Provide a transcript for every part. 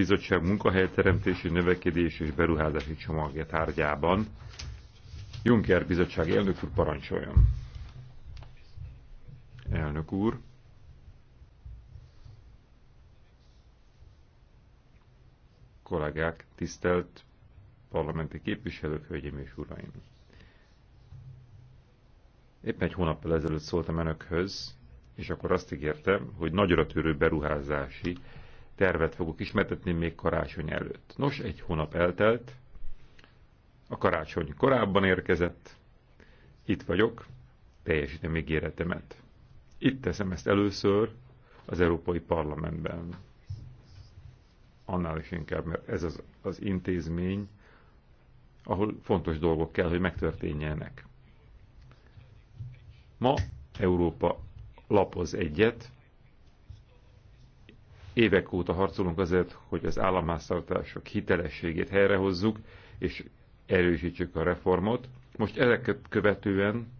Bizottság munkahelyteremtési, növekedés és beruházási csomagja tárgyában. Juncker Bizottság elnök úr parancsoljon. Elnök úr. kollégák, tisztelt parlamenti képviselők, hölgyeim és uraim! Éppen egy hónappal ezelőtt szóltam önökhöz, és akkor azt ígértem, hogy nagyra törő beruházási tervet fogok ismertetni még karácsony előtt. Nos, egy hónap eltelt, a karácsony korábban érkezett, itt vagyok, teljesítem ígéretemet. Itt teszem ezt először az Európai Parlamentben. Annál is inkább, mert ez az, az intézmény, ahol fontos dolgok kell, hogy megtörténjenek. Ma Európa lapoz egyet, Évek óta harcolunk azért, hogy az államháztartások hitelességét helyrehozzuk, és erősítsük a reformot. Most ezeket követően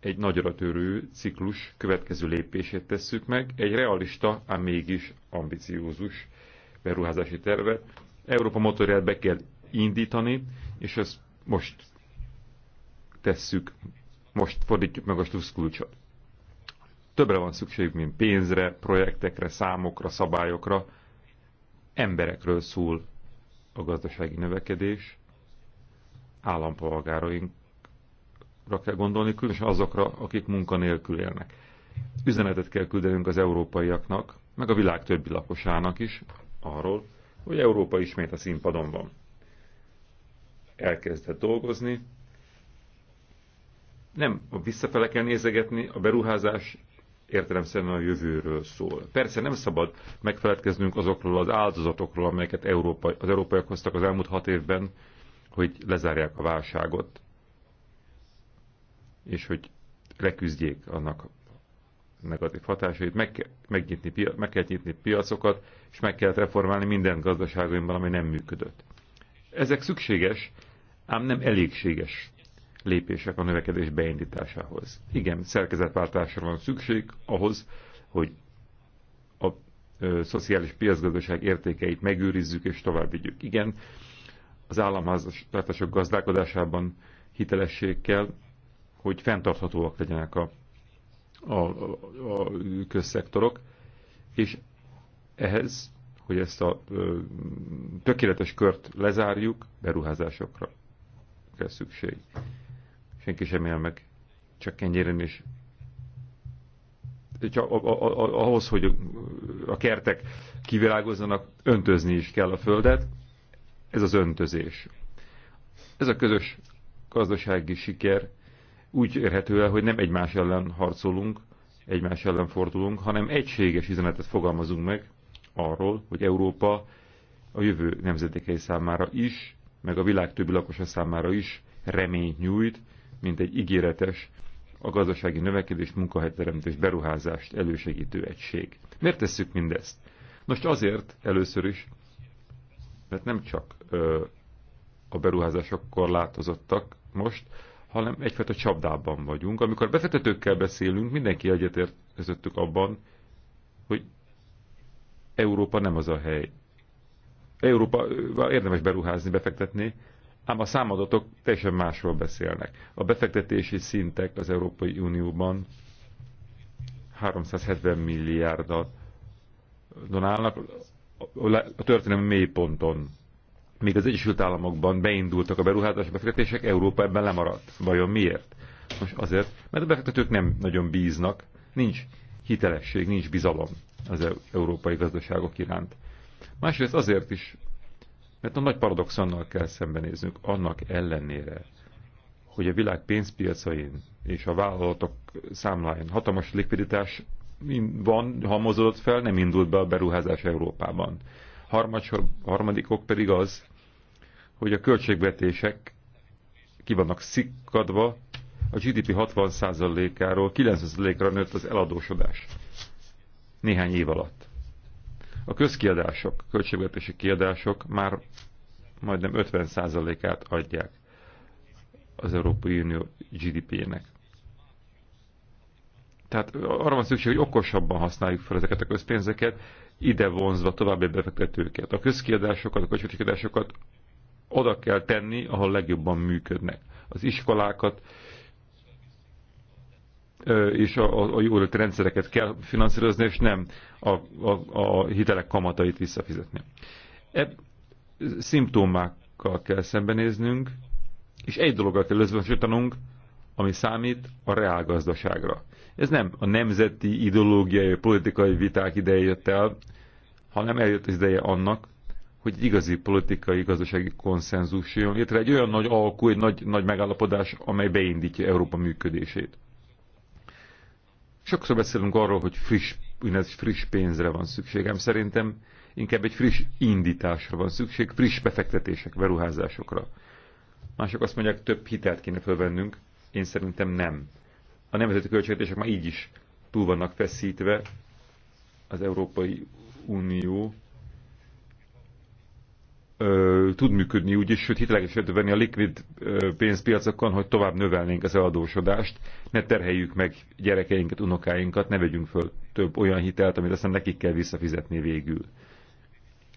egy nagyra törő ciklus következő lépését tesszük meg, egy realista, ám mégis ambiciózus beruházási terve. Európa motorját be kell indítani, és ezt most tesszük, most fordítjuk meg a kulcsot. Többre van szükség, mint pénzre, projektekre, számokra, szabályokra. Emberekről szól a gazdasági növekedés, állampolgárainkra kell gondolni, különösen azokra, akik munkanélkül élnek. Üzenetet kell küldenünk az európaiaknak, meg a világ többi lakosának is arról, hogy Európa ismét a színpadon van. Elkezdett dolgozni, nem visszafele kell nézegetni, a beruházás értelemszerűen a jövőről szól. Persze nem szabad megfeledkeznünk azokról az áldozatokról, amelyeket Európa, az európaiak hoztak az elmúlt hat évben, hogy lezárják a válságot, és hogy leküzdjék annak negatív hatásait, meg, kell, megnyitni, meg kell nyitni piacokat, és meg kell reformálni minden gazdaságainkban, ami nem működött. Ezek szükséges, ám nem elégséges lépések a növekedés beindításához. Igen, szerkezetváltásra van szükség ahhoz, hogy a ö, szociális piacgazdaság értékeit megőrizzük és tovább vigyük. Igen, az államháztartások gazdálkodásában hitelesség kell, hogy fenntarthatóak legyenek a, a, a, a közszektorok, és ehhez, hogy ezt a ö, tökéletes kört lezárjuk, beruházásokra kell szükség senki sem él meg, csak kenyéren is. Csak ahhoz, hogy a kertek kivilágozzanak, öntözni is kell a földet. Ez az öntözés. Ez a közös gazdasági siker úgy érhető el, hogy nem egymás ellen harcolunk, egymás ellen fordulunk, hanem egységes üzenetet fogalmazunk meg arról, hogy Európa a jövő nemzetekei számára is, meg a világ többi lakosa számára is reményt nyújt, mint egy ígéretes, a gazdasági növekedés, munkahelyteremtés, beruházást elősegítő egység. Miért tesszük mindezt? Most azért először is, mert nem csak ö, a beruházások korlátozottak most, hanem egyfajta csapdában vagyunk. Amikor befektetőkkel beszélünk, mindenki egyetért közöttük abban, hogy Európa nem az a hely. Európa érdemes beruházni, befektetni, ám a számadatok teljesen másról beszélnek. A befektetési szintek az Európai Unióban 370 milliárdat donálnak a történelmi mélyponton. Még az Egyesült Államokban beindultak a beruházási befektetések, Európa ebben lemaradt. Vajon miért? Most azért, mert a befektetők nem nagyon bíznak, nincs hitelesség, nincs bizalom az e-, európai gazdaságok iránt. Másrészt azért is mert a nagy paradoxonnal kell szembenéznünk, annak ellenére, hogy a világ pénzpiacain és a vállalatok számláin hatalmas likviditás van, hamozódott fel, nem indult be a beruházás Európában. Harmadsor, harmadikok pedig az, hogy a költségvetések ki vannak szikkadva, a GDP 60%-áról 90%-ra nőtt az eladósodás néhány év alatt. A közkiadások, költségvetési kiadások már majdnem 50%-át adják az Európai Unió GDP-nek. Tehát arra van szükség, hogy okosabban használjuk fel ezeket a közpénzeket, ide vonzva további befektetőket. A közkiadásokat, a költségvetési oda kell tenni, ahol legjobban működnek. Az iskolákat, és a, a jólét rendszereket kell finanszírozni, és nem a, a, a hitelek kamatait visszafizetni. E szimptomákkal kell szembenéznünk, és egy dologgal kell összehasonlítanunk, ami számít a reálgazdaságra. Ez nem a nemzeti ideológiai, politikai viták ideje jött el, hanem eljött az ideje annak, hogy egy igazi politikai, gazdasági konszenzus jön létre, egy olyan nagy alkú, egy nagy, nagy megállapodás, amely beindítja Európa működését. Sokszor beszélünk arról, hogy friss, úgynevezett friss pénzre van szükségem. Szerintem inkább egy friss indításra van szükség, friss befektetések, beruházásokra. Mások azt mondják, több hitelt kéne fölvennünk, én szerintem nem. A nemzeti költségvetések már így is túl vannak feszítve, az Európai Unió ö, tud működni úgy is, sőt hitelegeset venni a likvid ö, pénzpiacokon, hogy tovább növelnénk az eladósodást, ne terheljük meg gyerekeinket, unokáinkat, ne vegyünk föl több olyan hitelt, amit aztán nekik kell visszafizetni végül.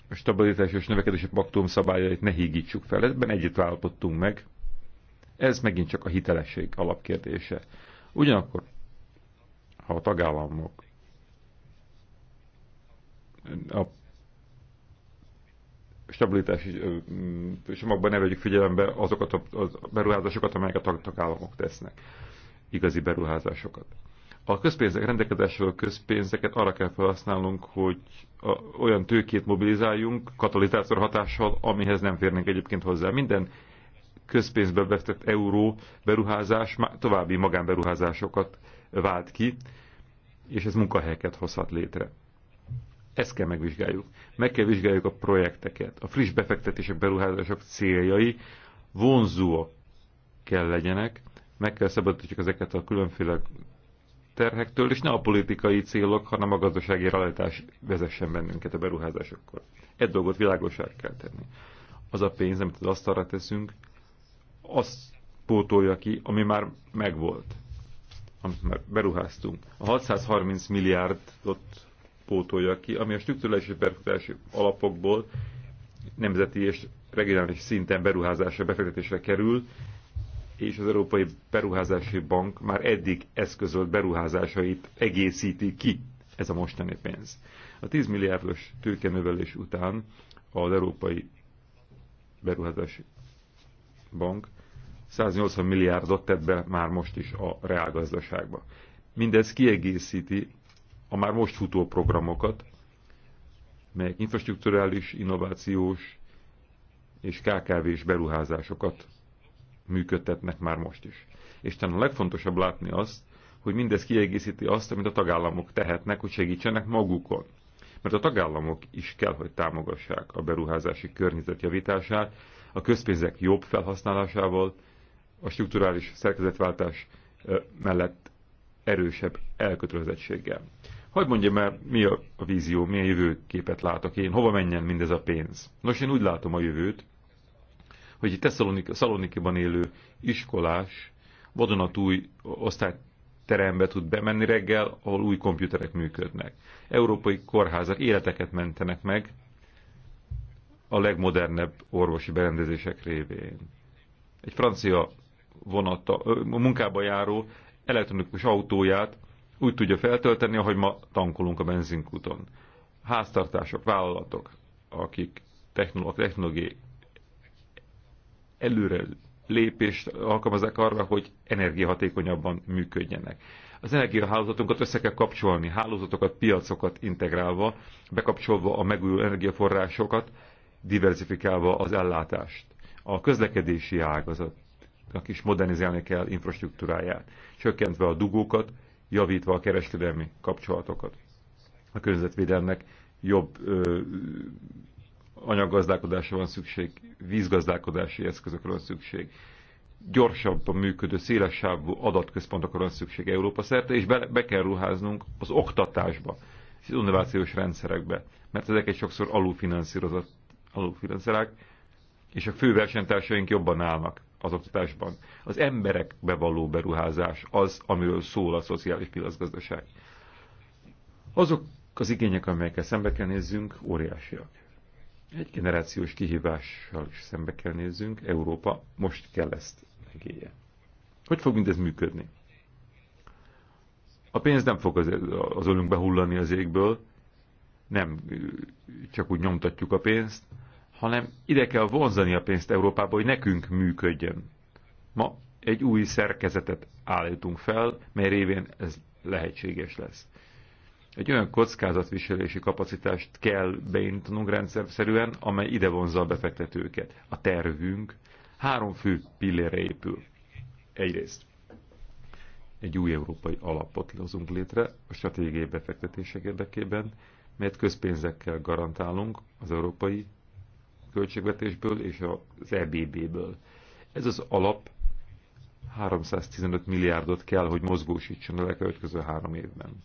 A stabilitás és növekedési paktum szabályait ne hígítsuk fel, ebben egyet állapodtunk meg. Ez megint csak a hitelesség alapkérdése. Ugyanakkor, ha a tagállamok a stabilitási mm, csomagban ne vegyük figyelembe azokat a, a beruházásokat, amelyeket a tagállamok tesznek, igazi beruházásokat. A közpénzek rendelkezésről közpénzeket arra kell felhasználnunk, hogy a, olyan tőkét mobilizáljunk katalizátor hatással, amihez nem férnénk egyébként hozzá. Minden közpénzbe vetett euró beruházás további magánberuházásokat vált ki, és ez munkahelyeket hozhat létre. Ezt kell megvizsgáljuk. Meg kell vizsgáljuk a projekteket. A friss befektetések, beruházások céljai vonzóak kell legyenek. Meg kell szabadítjuk ezeket a különféle terhektől, és ne a politikai célok, hanem a gazdasági realitás vezessen bennünket a beruházásokkor. Egy dolgot világosá kell tenni. Az a pénz, amit az asztalra teszünk, azt pótolja ki, ami már megvolt, amit már beruháztunk. A 630 milliárdot pótolja ki, ami a struktúrális és befektetési alapokból nemzeti és regionális szinten beruházásra, befektetésre kerül, és az Európai Beruházási Bank már eddig eszközölt beruházásait egészíti ki ez a mostani pénz. A 10 milliárdos tőkenövelés után az Európai Beruházási Bank 180 milliárdot tett be már most is a reálgazdaságba. Mindez kiegészíti a már most futó programokat, melyek infrastruktúrális, innovációs és KKV-s beruházásokat működtetnek már most is. És talán a legfontosabb látni azt, hogy mindez kiegészíti azt, amit a tagállamok tehetnek, hogy segítsenek magukon. Mert a tagállamok is kell, hogy támogassák a beruházási környezet javítását, a közpénzek jobb felhasználásával, a strukturális szerkezetváltás mellett erősebb elkötelezettséggel. Hogy mondjam el, mi a vízió, milyen jövőképet látok én, hova menjen mindez a pénz? Nos, én úgy látom a jövőt, hogy egy Szalonikiban élő iskolás vadonatúj osztályterembe tud bemenni reggel, ahol új komputerek működnek. Európai kórházak életeket mentenek meg a legmodernebb orvosi berendezések révén. Egy francia vonata, munkába járó elektronikus autóját úgy tudja feltölteni, ahogy ma tankolunk a benzinkúton. Háztartások, vállalatok, akik technológiai előre lépést alkalmazzák arra, hogy energiahatékonyabban működjenek. Az energiahálózatunkat össze kell kapcsolni, hálózatokat, piacokat integrálva, bekapcsolva a megújuló energiaforrásokat, diversifikálva az ellátást. A közlekedési ágazatnak is modernizálni kell infrastruktúráját, csökkentve a dugókat, javítva a kereskedelmi kapcsolatokat. A környezetvédelmnek jobb ö, anyaggazdálkodásra van szükség, vízgazdálkodási eszközökre van szükség, gyorsabban működő, sávú adatközpontokra van szükség Európa szerte, és be, be kell ruháznunk az oktatásba és az innovációs rendszerekbe, mert ezek egy sokszor alulfinanszírozott alulfinanszírák, és a fő versenytársaink jobban állnak az oktatásban. Az emberekbe való beruházás az, amiről szól a szociális piacgazdaság. Azok az igények, amelyekkel szembe kell nézzünk, óriásiak. Egy generációs kihívással is szembe kell nézzünk, Európa most kell ezt megélje. Hogy fog mindez működni? A pénz nem fog az, az ölünkbe hullani az égből, nem csak úgy nyomtatjuk a pénzt, hanem ide kell vonzani a pénzt Európába, hogy nekünk működjön. Ma egy új szerkezetet állítunk fel, mely révén ez lehetséges lesz. Egy olyan kockázatviselési kapacitást kell beintanunk rendszerszerűen, amely ide vonzza a befektetőket. A tervünk három fő pillére épül. Egyrészt egy új európai alapot hozunk létre a stratégiai befektetések érdekében, melyet közpénzekkel garantálunk az európai költségvetésből és az EBB-ből. Ez az alap 315 milliárdot kell, hogy mozgósítson a következő három évben.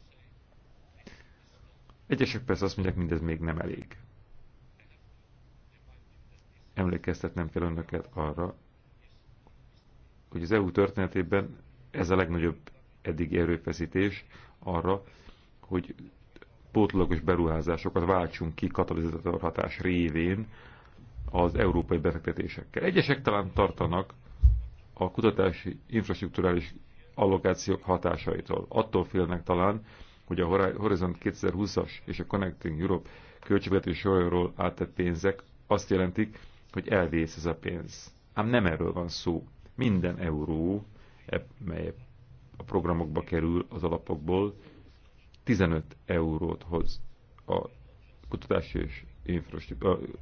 Egyesek persze azt mondják, mindez még nem elég. Emlékeztetnem kell önöket arra, hogy az EU történetében ez a legnagyobb eddig erőfeszítés arra, hogy pótlagos beruházásokat váltsunk ki katalizátor hatás révén az európai befektetésekkel. Egyesek talán tartanak a kutatási infrastruktúrális allokációk hatásaitól. Attól félnek talán, hogy a Horizon 2020-as és a Connecting Europe költségvetési sorról áttett pénzek azt jelentik, hogy elvész ez a pénz. Ám nem erről van szó. Minden euró, e- mely a programokba kerül az alapokból, 15 eurót hoz a kutatási és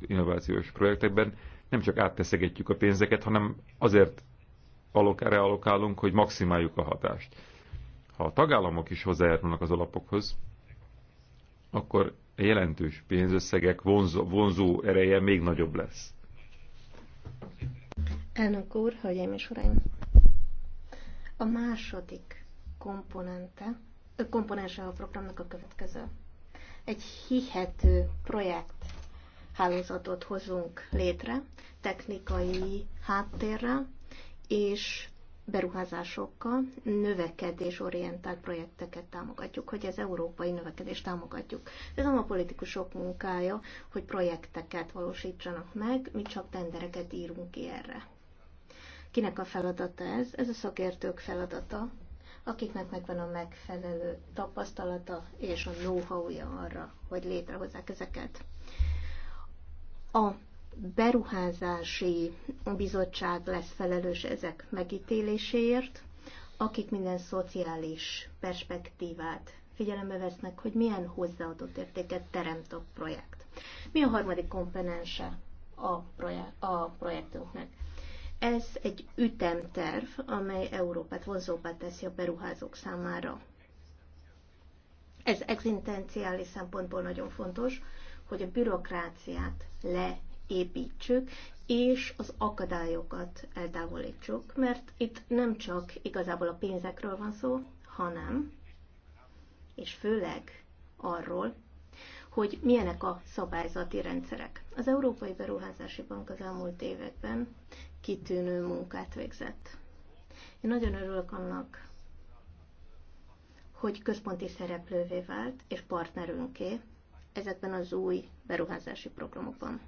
innovációs projektekben nem csak átteszegetjük a pénzeket, hanem azért reallokálunk, hogy maximáljuk a hatást. Ha a tagállamok is hozzájárulnak az alapokhoz, akkor a jelentős pénzösszegek vonzó, vonzó ereje még nagyobb lesz. Elnök úr, hölgyeim és uraim! A második komponente, komponense a programnak a következő egy hihető projekt hálózatot hozunk létre, technikai háttérrel és beruházásokkal, növekedésorientált projekteket támogatjuk, hogy az európai növekedést támogatjuk. Ez nem a politikusok munkája, hogy projekteket valósítsanak meg, mi csak tendereket írunk ki erre. Kinek a feladata ez? Ez a szakértők feladata, akiknek megvan a megfelelő tapasztalata és a know-how-ja arra, hogy létrehozzák ezeket. A beruházási bizottság lesz felelős ezek megítéléséért, akik minden szociális perspektívát figyelembe vesznek, hogy milyen hozzáadott értéket teremt a projekt. Mi a harmadik komponense a, projek- a projektünknek? Ez egy ütemterv, amely Európát vonzóbbá teszi a beruházók számára. Ez egzintenciális szempontból nagyon fontos, hogy a bürokráciát leépítsük, és az akadályokat eltávolítsuk, mert itt nem csak igazából a pénzekről van szó, hanem, és főleg arról, hogy milyenek a szabályzati rendszerek. Az Európai Beruházási Bank az elmúlt években kitűnő munkát végzett. Én nagyon örülök annak, hogy központi szereplővé vált és partnerünké ezekben az új beruházási programokban.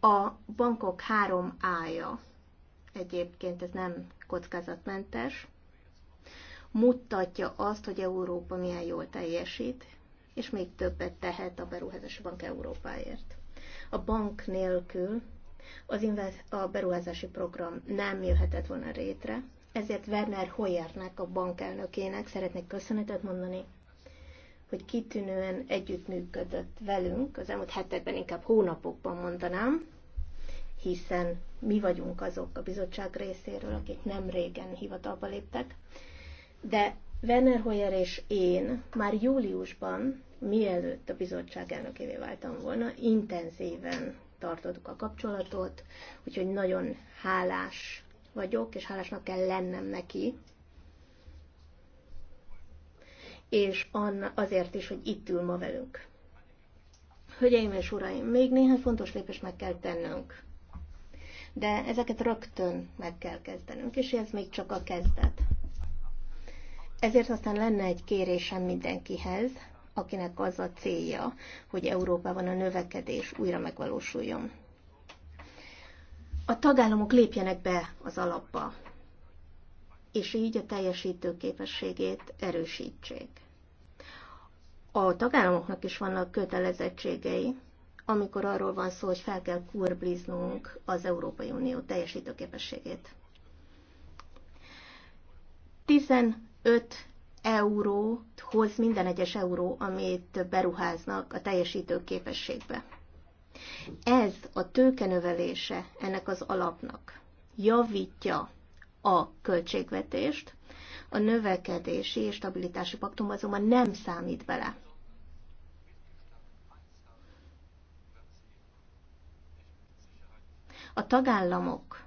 A bankok három ája, egyébként ez nem kockázatmentes, mutatja azt, hogy Európa milyen jól teljesít, és még többet tehet a beruházási bank Európáért. A bank nélkül az invest, a beruházási program nem jöhetett volna rétre, ezért Werner Hoyernek, a bankelnökének szeretnék köszönetet mondani, hogy kitűnően együttműködött velünk, az elmúlt hetekben, inkább hónapokban mondanám, hiszen mi vagyunk azok a bizottság részéről, akik nem régen hivatalba léptek. De Werner Hoyer és én már júliusban, mielőtt a bizottság elnökévé váltam volna, intenzíven tartottuk a kapcsolatot, úgyhogy nagyon hálás vagyok, és hálásnak kell lennem neki. És azért is, hogy itt ül ma velünk. Hölgyeim és uraim, még néhány fontos lépést meg kell tennünk. De ezeket rögtön meg kell kezdenünk, és ez még csak a kezdet. Ezért aztán lenne egy kérésem mindenkihez, akinek az a célja, hogy Európában a növekedés újra megvalósuljon. A tagállamok lépjenek be az alapba, és így a teljesítő képességét erősítsék. A tagállamoknak is vannak kötelezettségei, amikor arról van szó, hogy fel kell kurbliznunk az Európai Unió teljesítőképességét. 15 eurót hoz minden egyes euró, amit beruháznak a teljesítő képességbe. Ez a tőkenövelése ennek az alapnak javítja a költségvetést, a növekedési és stabilitási paktum azonban nem számít bele. A tagállamok,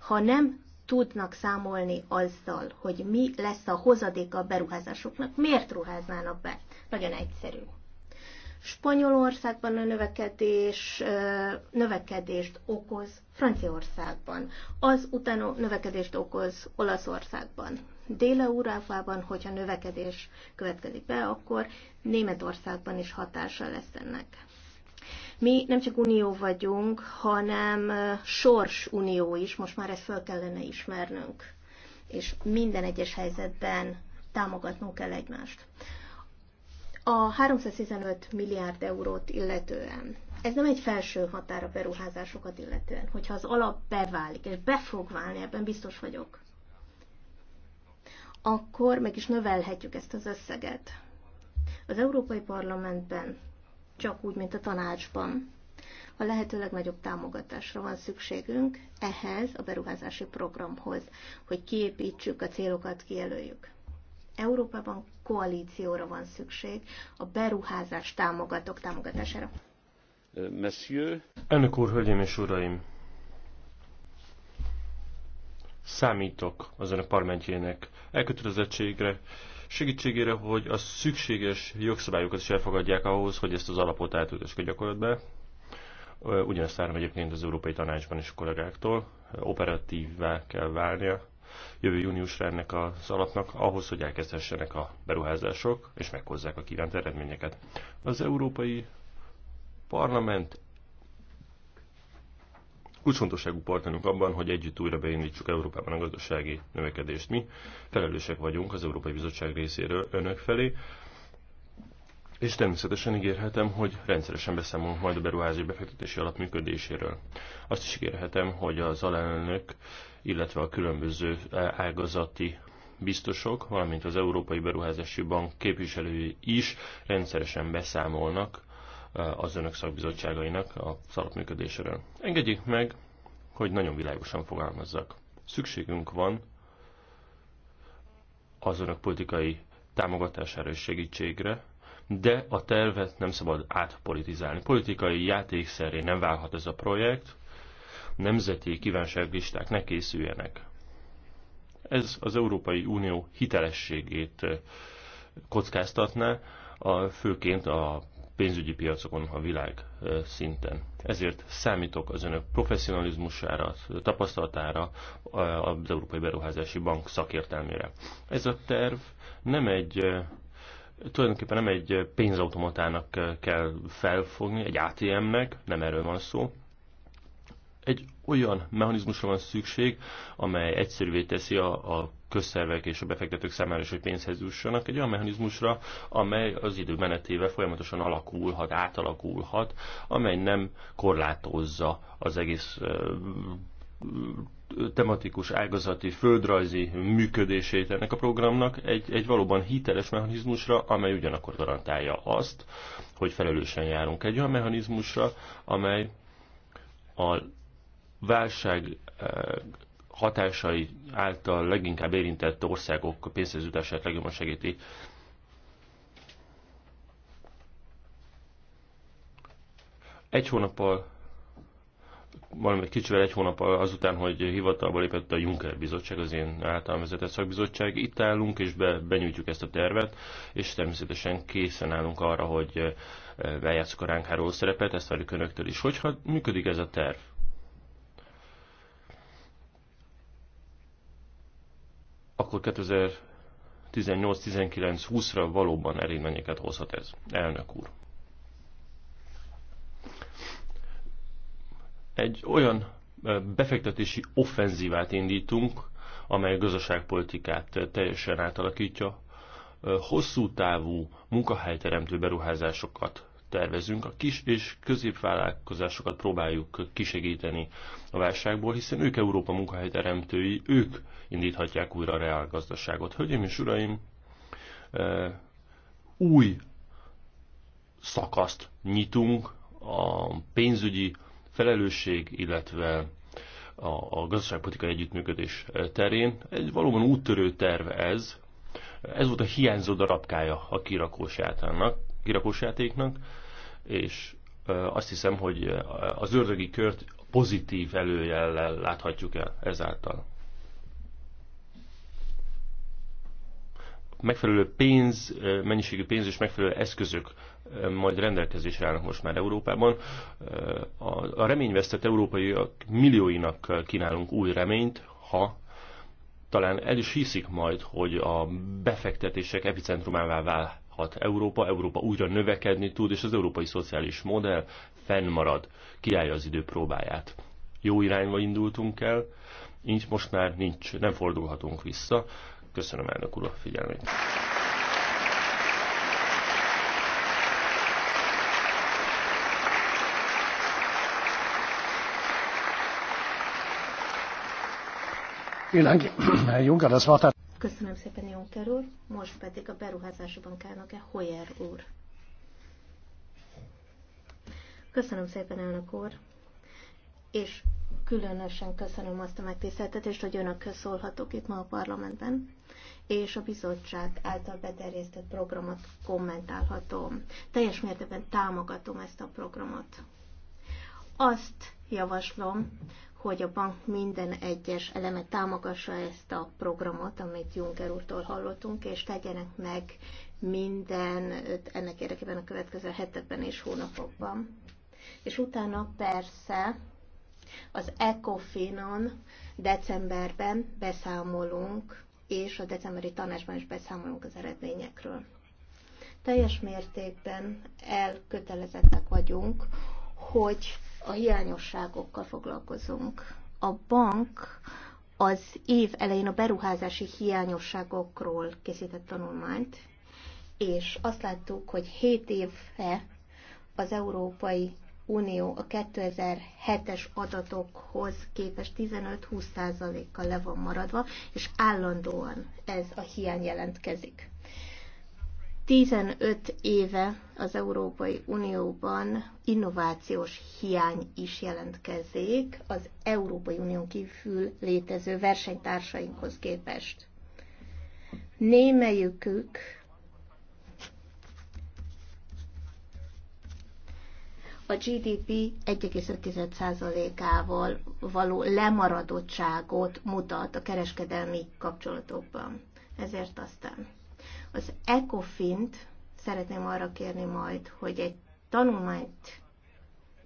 ha nem tudnak számolni azzal, hogy mi lesz a hozadéka a beruházásoknak, miért ruháznának be? Nagyon egyszerű. Spanyolországban a növekedés növekedést okoz Franciaországban, az utána növekedést okoz Olaszországban. Dél-Európában, hogyha növekedés következik be, akkor Németországban is hatása lesz ennek. Mi nem csak unió vagyunk, hanem sorsunió is, most már ezt föl kellene ismernünk. És minden egyes helyzetben támogatnunk kell egymást. A 315 milliárd eurót illetően, ez nem egy felső határa beruházásokat illetően, hogyha az alap beválik, és be fog válni, ebben biztos vagyok, akkor meg is növelhetjük ezt az összeget. Az Európai Parlamentben csak úgy, mint a tanácsban. A lehető legnagyobb támogatásra van szükségünk ehhez a beruházási programhoz, hogy kiépítsük a célokat, kijelöljük. Európában koalícióra van szükség a beruházás támogatók támogatására. Monsieur. Önök úr, hölgyeim és uraim! Számítok az önök parlamentjének elkötelezettségre, segítségére, hogy a szükséges jogszabályokat is elfogadják ahhoz, hogy ezt az alapot átültessék a gyakorlatba. Ugyanezt várom egyébként az Európai Tanácsban is a kollégáktól. Operatívvá kell válnia jövő júniusra ennek az alapnak, ahhoz, hogy elkezdhessenek a beruházások, és meghozzák a kívánt eredményeket. Az Európai Parlament kulcsfontosságú partnerünk abban, hogy együtt újra beindítsuk Európában a gazdasági növekedést. Mi felelősek vagyunk az Európai Bizottság részéről önök felé, és természetesen ígérhetem, hogy rendszeresen beszámolunk majd a beruházási befektetési alap működéséről. Azt is ígérhetem, hogy az alelnök, illetve a különböző ágazati biztosok, valamint az Európai Beruházási Bank képviselői is rendszeresen beszámolnak az önök szakbizottságainak a szalapműködéséről. Engedjék meg, hogy nagyon világosan fogalmazzak. Szükségünk van az önök politikai támogatására és segítségre, de a tervet nem szabad átpolitizálni. Politikai játékszeré nem válhat ez a projekt, nemzeti kívánságlisták ne készüljenek. Ez az Európai Unió hitelességét kockáztatná, a, főként a pénzügyi piacokon a világ szinten. Ezért számítok az önök professzionalizmusára, tapasztalatára, az Európai Beruházási Bank szakértelmére. Ez a terv nem egy tulajdonképpen nem egy pénzautomatának kell felfogni, egy ATM-nek, nem erről van szó. Egy olyan mechanizmusra van szükség, amely egyszerűvé teszi a, a közszervek és a befektetők számára is, hogy pénzhez jussanak, egy olyan mechanizmusra, amely az idő menetével folyamatosan alakulhat, átalakulhat, amely nem korlátozza az egész tematikus, ágazati, földrajzi működését ennek a programnak egy, egy valóban hiteles mechanizmusra, amely ugyanakkor garantálja azt, hogy felelősen járunk egy olyan mechanizmusra, amely a válság hatásai által leginkább érintett országok pénzhezjutását legjobban segíti. Egy hónappal, valami kicsivel egy hónappal azután, hogy hivatalba lépett a Juncker bizottság, az én általán vezetett szakbizottság, itt állunk és be, benyújtjuk ezt a tervet, és természetesen készen állunk arra, hogy eh, eljátszok a ránk háró szerepet, ezt várjuk önöktől is. Hogyha működik ez a terv, akkor 2018-19-20-ra valóban eredményeket hozhat ez, elnök úr. Egy olyan befektetési offenzívát indítunk, amely a gazdaságpolitikát teljesen átalakítja, hosszú távú munkahelyteremtő beruházásokat tervezünk, a kis és középvállalkozásokat próbáljuk kisegíteni a válságból, hiszen ők Európa munkahelyteremtői, ők indíthatják újra a reálgazdaságot. Hölgyeim és uraim, e, új szakaszt nyitunk a pénzügyi felelősség, illetve a, gazdaságpolitikai együttműködés terén. Egy valóban úttörő terv ez. Ez volt a hiányzó darabkája a kirakósjátéknak. kirakósjátéknak és azt hiszem, hogy az ördögi kört pozitív előjellel láthatjuk el ezáltal. Megfelelő pénz, mennyiségű pénz és megfelelő eszközök majd rendelkezésre állnak most már Európában. A reményvesztett európaiak millióinak kínálunk új reményt, ha talán el is hiszik majd, hogy a befektetések epicentrumává vál hat Európa, Európa újra növekedni tud, és az európai szociális modell fennmarad, kiállja az idő próbáját. Jó irányba indultunk el, így most már nincs, nem fordulhatunk vissza. Köszönöm elnök úr a figyelmét. Vielen Dank, Herr Juncker. Das Wort hat Köszönöm szépen, Juncker úr. Most pedig a beruházási bankának Hoyer úr. Köszönöm szépen, elnök úr. És különösen köszönöm azt a megtiszteltetést, hogy önökhöz szólhatok itt ma a parlamentben, és a bizottság által beterjesztett programot kommentálhatom. Teljes mértékben támogatom ezt a programot. Azt javaslom, hogy a bank minden egyes eleme támogassa ezt a programot, amit Juncker úrtól hallottunk, és tegyenek meg minden ennek érdekében a következő hetekben és hónapokban. És utána persze az Ecofinon on decemberben beszámolunk, és a decemberi tanácsban is beszámolunk az eredményekről. Teljes mértékben elkötelezettek vagyunk, hogy a hiányosságokkal foglalkozunk. A bank az év elején a beruházási hiányosságokról készített tanulmányt, és azt láttuk, hogy 7 évre az Európai Unió a 2007-es adatokhoz képest 15-20%-kal le van maradva, és állandóan ez a hiány jelentkezik. 15 éve az Európai Unióban innovációs hiány is jelentkezik az Európai Unión kívül létező versenytársainkhoz képest. Némelyükük a GDP 1,5%-ával való lemaradottságot mutat a kereskedelmi kapcsolatokban. Ezért aztán az ECOFINT szeretném arra kérni majd, hogy egy tanulmányt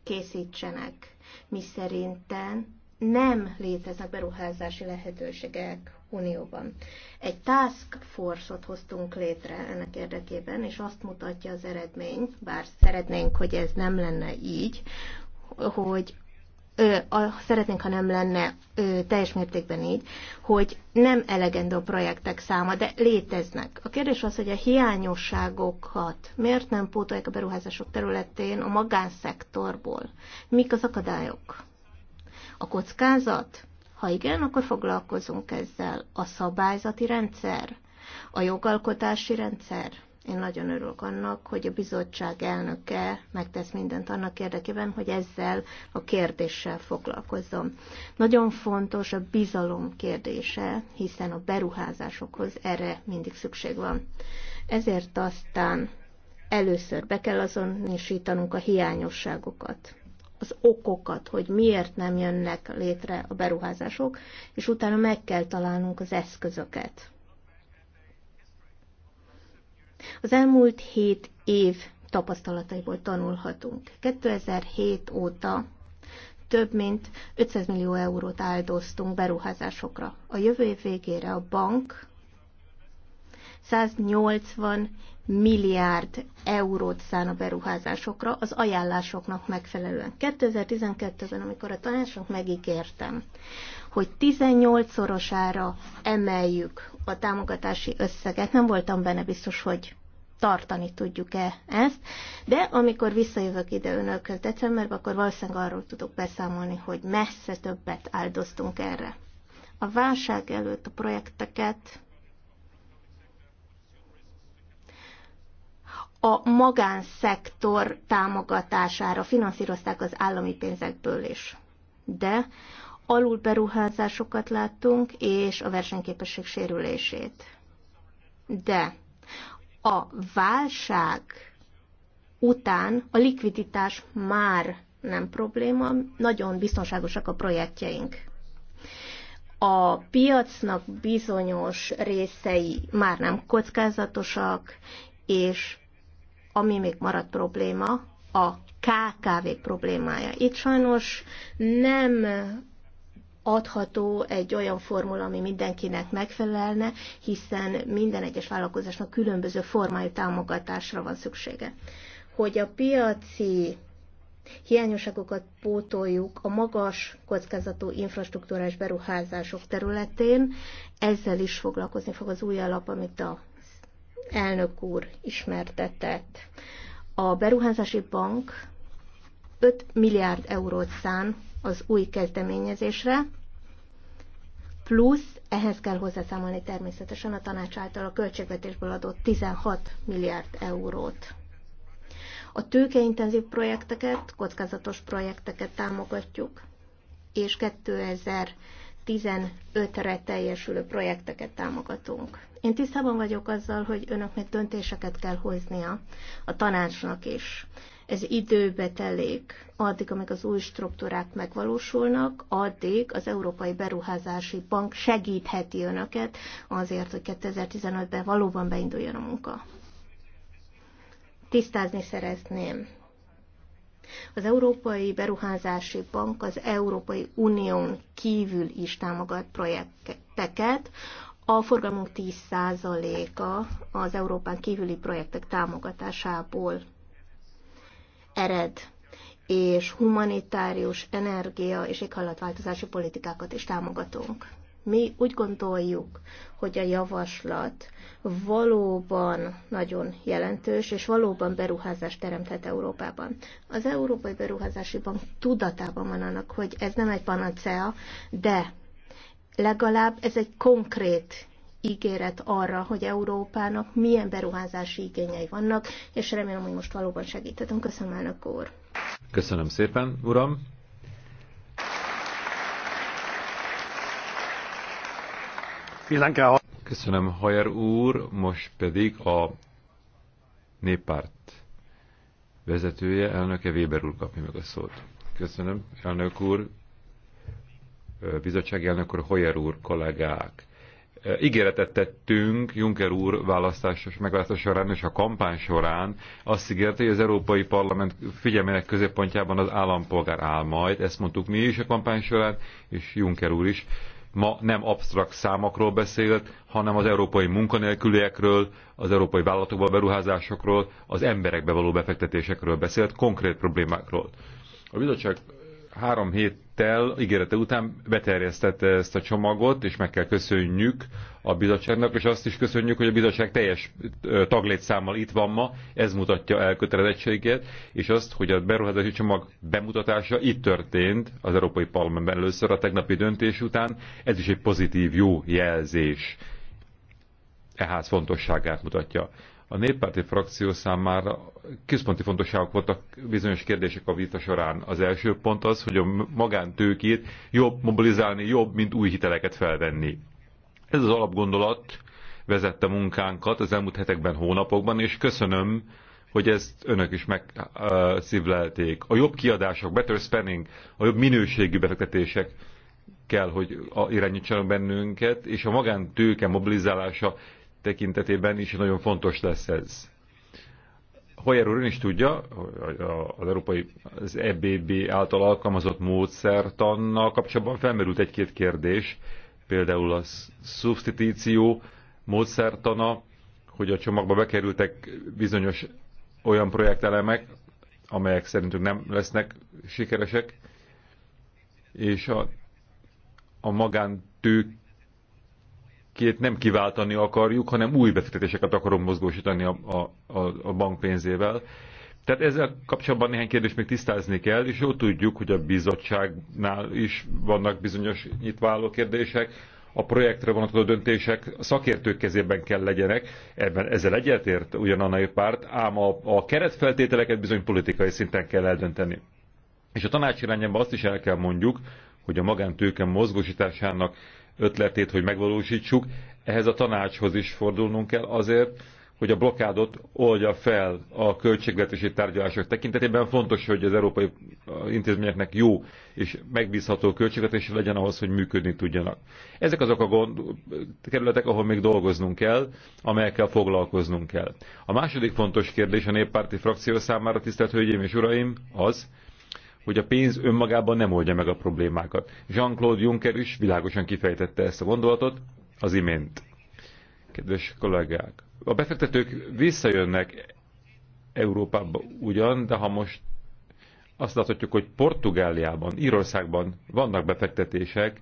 készítsenek, mi szerinten nem léteznek beruházási lehetőségek Unióban. Egy task force-ot hoztunk létre ennek érdekében, és azt mutatja az eredmény, bár szeretnénk, hogy ez nem lenne így, hogy a, szeretnénk, ha nem lenne ö, teljes mértékben így, hogy nem elegendő a projektek száma, de léteznek. A kérdés az, hogy a hiányosságokat miért nem pótolják a beruházások területén a magánszektorból? Mik az akadályok? A kockázat? Ha igen, akkor foglalkozunk ezzel. A szabályzati rendszer? A jogalkotási rendszer? Én nagyon örülök annak, hogy a bizottság elnöke megtesz mindent annak érdekében, hogy ezzel a kérdéssel foglalkozzon. Nagyon fontos a bizalom kérdése, hiszen a beruházásokhoz erre mindig szükség van. Ezért aztán először be kell azonosítanunk a hiányosságokat az okokat, hogy miért nem jönnek létre a beruházások, és utána meg kell találnunk az eszközöket. Az elmúlt 7 év tapasztalataiból tanulhatunk. 2007 óta több mint 500 millió eurót áldoztunk beruházásokra. A jövő év végére a bank 180 milliárd eurót szán a beruházásokra az ajánlásoknak megfelelően. 2012-ben, amikor a tanácsnak megígértem, hogy 18-szorosára emeljük a támogatási összeget, nem voltam benne biztos, hogy tartani tudjuk-e ezt, de amikor visszajövök ide önökhöz decemberben, akkor valószínűleg arról tudok beszámolni, hogy messze többet áldoztunk erre. A válság előtt a projekteket a magánszektor támogatására finanszírozták az állami pénzekből is. De beruházásokat láttunk, és a versenyképesség sérülését. De a válság után a likviditás már nem probléma, nagyon biztonságosak a projektjeink. A piacnak bizonyos részei már nem kockázatosak, és ami még maradt probléma, a KKV problémája. Itt sajnos nem adható egy olyan formula, ami mindenkinek megfelelne, hiszen minden egyes vállalkozásnak különböző formájú támogatásra van szüksége. Hogy a piaci hiányosságokat pótoljuk a magas kockázatú infrastruktúrás beruházások területén, ezzel is foglalkozni fog az új alap, amit a elnök úr ismertetett. A beruházási bank 5 milliárd eurót szán az új kezdeményezésre, plusz ehhez kell hozzászámolni természetesen a tanács által a költségvetésből adott 16 milliárd eurót. A tőkeintenzív projekteket, kockázatos projekteket támogatjuk, és 2015-re teljesülő projekteket támogatunk. Én tisztában vagyok azzal, hogy önöknek döntéseket kell hoznia a tanácsnak is ez időbe telik. Addig, amíg az új struktúrák megvalósulnak, addig az Európai Beruházási Bank segítheti önöket azért, hogy 2015-ben valóban beinduljon a munka. Tisztázni szeretném. Az Európai Beruházási Bank az Európai Unión kívül is támogat projekteket, a forgalmunk 10%-a az Európán kívüli projektek támogatásából ered, és humanitárius, energia és éghajlatváltozási politikákat is támogatunk. Mi úgy gondoljuk, hogy a javaslat valóban nagyon jelentős, és valóban beruházást teremthet Európában. Az Európai Beruházási Bank tudatában van annak, hogy ez nem egy panacea, de legalább ez egy konkrét ígéret arra, hogy Európának milyen beruházási igényei vannak, és remélem, hogy most valóban segíthetünk. Köszönöm, elnök úr! Köszönöm szépen, uram! Köszönöm, Hajer úr, most pedig a néppárt vezetője, elnöke Weber úr kapja meg a szót. Köszönöm, elnök úr, bizottsági elnök úr, Hoyer úr, kollégák. Eh, ígéretet tettünk Juncker úr választásos megválasztás során és a kampány során. Azt ígérte, hogy az Európai Parlament figyelmének középpontjában az állampolgár áll majd. Ezt mondtuk mi is a kampány során, és Juncker úr is. Ma nem absztrakt számokról beszélt, hanem az európai munkanélküliekről, az európai vállalatokba beruházásokról, az emberekbe való befektetésekről beszélt, konkrét problémákról. A bizottság három hét ígérettel, ígérete után beterjesztette ezt a csomagot, és meg kell köszönjük a bizottságnak, és azt is köszönjük, hogy a bizottság teljes taglétszámmal itt van ma, ez mutatja elkötelezettséget, és azt, hogy a beruházási csomag bemutatása itt történt az Európai Parlamentben először a tegnapi döntés után, ez is egy pozitív, jó jelzés. ehhez fontosságát mutatja. A néppárti frakció számára központi fontosságok voltak bizonyos kérdések a vita során. Az első pont az, hogy a magántőkét jobb mobilizálni, jobb, mint új hiteleket felvenni. Ez az alapgondolat vezette munkánkat az elmúlt hetekben, hónapokban, és köszönöm, hogy ezt önök is megszívlelték. A jobb kiadások, better spending, a jobb minőségű befektetések kell, hogy irányítsanak bennünket, és a magántőke mobilizálása tekintetében is nagyon fontos lesz ez. Hoyer úr ön is tudja, az európai az EBB által alkalmazott módszertannal kapcsolatban felmerült egy-két kérdés, például a szubstitíció módszertana, hogy a csomagba bekerültek bizonyos olyan projektelemek, amelyek szerintünk nem lesznek sikeresek, és a, a magántők két nem kiváltani akarjuk, hanem új befektetéseket akarunk mozgósítani a, a, a bank pénzével. Tehát ezzel kapcsolatban néhány kérdést még tisztázni kell, és jól tudjuk, hogy a bizottságnál is vannak bizonyos nyitváló kérdések, a projektre vonatkozó döntések szakértők kezében kell legyenek, ebben ezzel egyetért ugyanannai párt, ám a, a keretfeltételeket bizony politikai szinten kell eldönteni. És a tanács irányában azt is el kell mondjuk, hogy a magántőke mozgósításának ötletét, hogy megvalósítsuk, ehhez a tanácshoz is fordulnunk kell azért, hogy a blokádot oldja fel a költségvetési tárgyalások tekintetében. Fontos, hogy az európai intézményeknek jó és megbízható költségvetési legyen ahhoz, hogy működni tudjanak. Ezek azok a gond, kerületek, ahol még dolgoznunk kell, amelyekkel foglalkoznunk kell. A második fontos kérdés a néppárti frakció számára, tisztelt Hölgyeim és Uraim, az, hogy a pénz önmagában nem oldja meg a problémákat. Jean-Claude Juncker is világosan kifejtette ezt a gondolatot az imént. Kedves kollégák, a befektetők visszajönnek Európába ugyan, de ha most azt láthatjuk, hogy Portugáliában, Írországban vannak befektetések.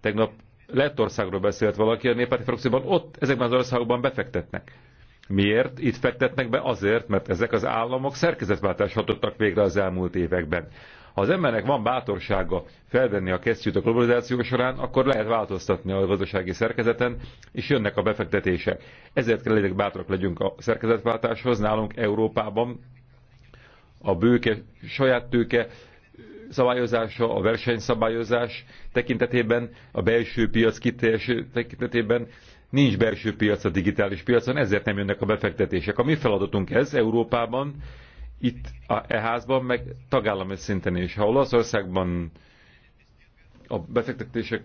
Tegnap Lettországról beszélt valaki, a néppárti frakcióban ott ezekben az országokban befektetnek. Miért? Itt fektetnek be azért, mert ezek az államok szerkezetváltást hatottak végre az elmúlt években. Ha az embernek van bátorsága felvenni a kesztyűt a globalizáció során, akkor lehet változtatni a gazdasági szerkezeten, és jönnek a befektetések. Ezért kell legyek bátrak legyünk a szerkezetváltáshoz. Nálunk Európában a bőke, saját tőke szabályozása, a versenyszabályozás tekintetében, a belső piac kitérés tekintetében Nincs belső piac a digitális piacon, ezért nem jönnek a befektetések. A mi feladatunk ez Európában, itt a e házban, meg tagállami szinten is. Ha Olaszországban a befektetések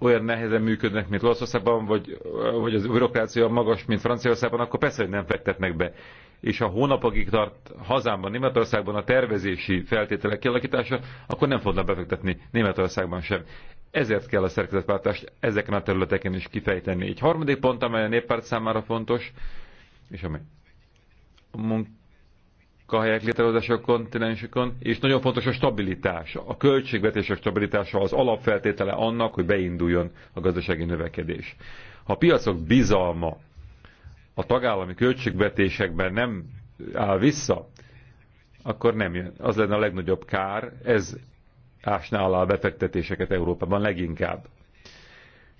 olyan nehezen működnek, mint Olaszországban, vagy, vagy az bürokrácia magas, mint Franciaországban, akkor persze, hogy nem fektetnek be. És ha hónapokig tart hazámban, Németországban a tervezési feltételek kialakítása, akkor nem fognak befektetni Németországban sem ezért kell a szerkezetváltást ezeken a területeken is kifejteni. Egy harmadik pont, amely a néppárt számára fontos, és amely a munkahelyek létrehozása a kontinensükön, és nagyon fontos a stabilitás. A költségvetések stabilitása az alapfeltétele annak, hogy beinduljon a gazdasági növekedés. Ha a piacok bizalma a tagállami költségvetésekben nem áll vissza, akkor nem jön. Az lenne a legnagyobb kár, ez ásná alá a befektetéseket Európában leginkább.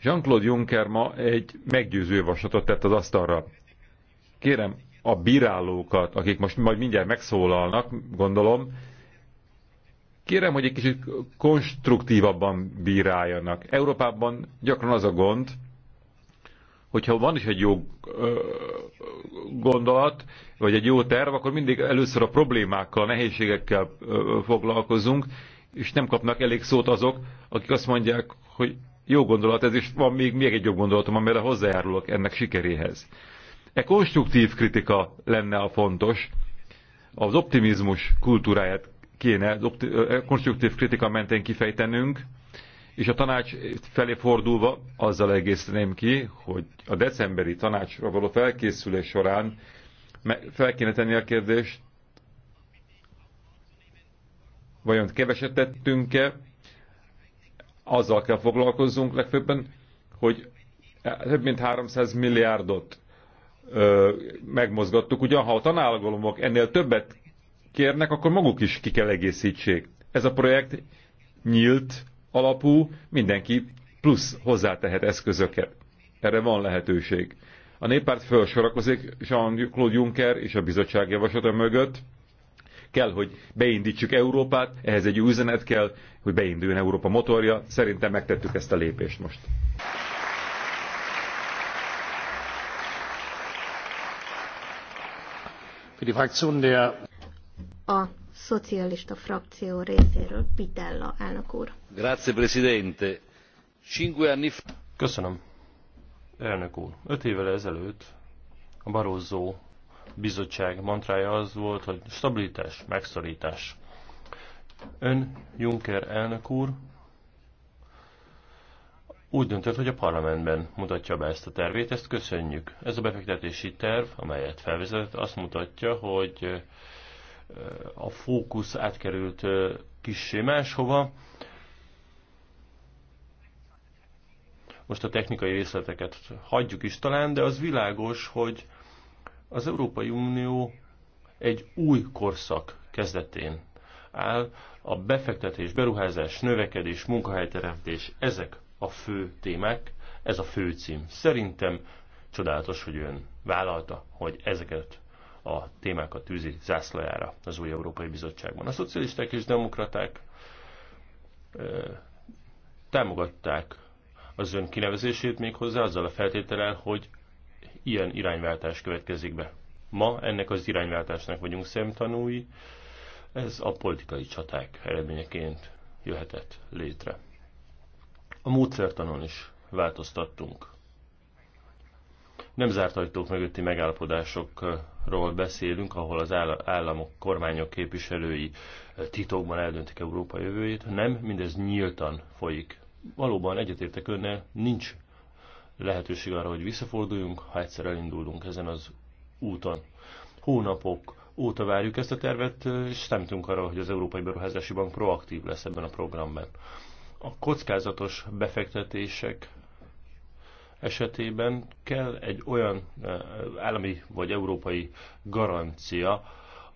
Jean-Claude Juncker ma egy meggyőző javaslatot tett az asztalra. Kérem a bírálókat, akik most majd mindjárt megszólalnak, gondolom, kérem, hogy egy kicsit konstruktívabban bíráljanak. Európában gyakran az a gond, hogyha van is egy jó gondolat, vagy egy jó terv, akkor mindig először a problémákkal, a nehézségekkel foglalkozunk, és nem kapnak elég szót azok, akik azt mondják, hogy jó gondolat ez, és van még, még egy jobb gondolatom, amire hozzájárulok ennek sikeréhez. E konstruktív kritika lenne a fontos, az optimizmus kultúráját kéne az opti konstruktív kritika mentén kifejtenünk, és a tanács felé fordulva azzal egészteném ki, hogy a decemberi tanácsra való felkészülés során fel kéne tenni a kérdést, Vajon keveset tettünk-e? Azzal kell foglalkozzunk legfőbben, hogy több mint 300 milliárdot ö, megmozgattuk. Ugyan ha a tanálgalomok ennél többet kérnek, akkor maguk is ki kell egészítsék. Ez a projekt nyílt alapú, mindenki plusz hozzátehet eszközöket. Erre van lehetőség. A néppárt felsorakozik Jean-Claude Juncker és a bizottság javaslata mögött, kell, hogy beindítsuk Európát, ehhez egy új üzenet kell, hogy beinduljon Európa motorja. Szerintem megtettük ezt a lépést most. A szocialista frakció részéről Pitella elnök úr. Grazie Presidente. Köszönöm. Elnök úr, öt évvel ezelőtt a Barozzó bizottság mantrája az volt, hogy stabilitás, megszorítás. Ön, Juncker elnök úr, úgy döntött, hogy a parlamentben mutatja be ezt a tervét, ezt köszönjük. Ez a befektetési terv, amelyet felvezetett, azt mutatja, hogy a fókusz átkerült kissé máshova. Most a technikai részleteket hagyjuk is talán, de az világos, hogy az Európai Unió egy új korszak kezdetén áll, a befektetés, beruházás, növekedés, munkahelyteremtés, ezek a fő témák, ez a fő cím. Szerintem csodálatos, hogy ön vállalta, hogy ezeket a témákat tűzi zászlajára az új Európai Bizottságban. A szocialisták és demokraták e, támogatták az ön kinevezését még hozzá azzal a feltétellel, hogy ilyen irányváltás következik be. Ma ennek az irányváltásnak vagyunk szemtanúi, ez a politikai csaták eredményeként jöhetett létre. A módszertanon is változtattunk. Nem zárt ajtók mögötti megállapodásokról beszélünk, ahol az államok, kormányok képviselői eh, titokban eldöntik Európa jövőjét, nem, mindez nyíltan folyik. Valóban egyetértek önnel, nincs lehetőség arra, hogy visszaforduljunk, ha egyszer elindulunk ezen az úton. Hónapok óta várjuk ezt a tervet, és számítunk arra, hogy az Európai Beruházási Bank proaktív lesz ebben a programban. A kockázatos befektetések esetében kell egy olyan eh, állami vagy európai garancia,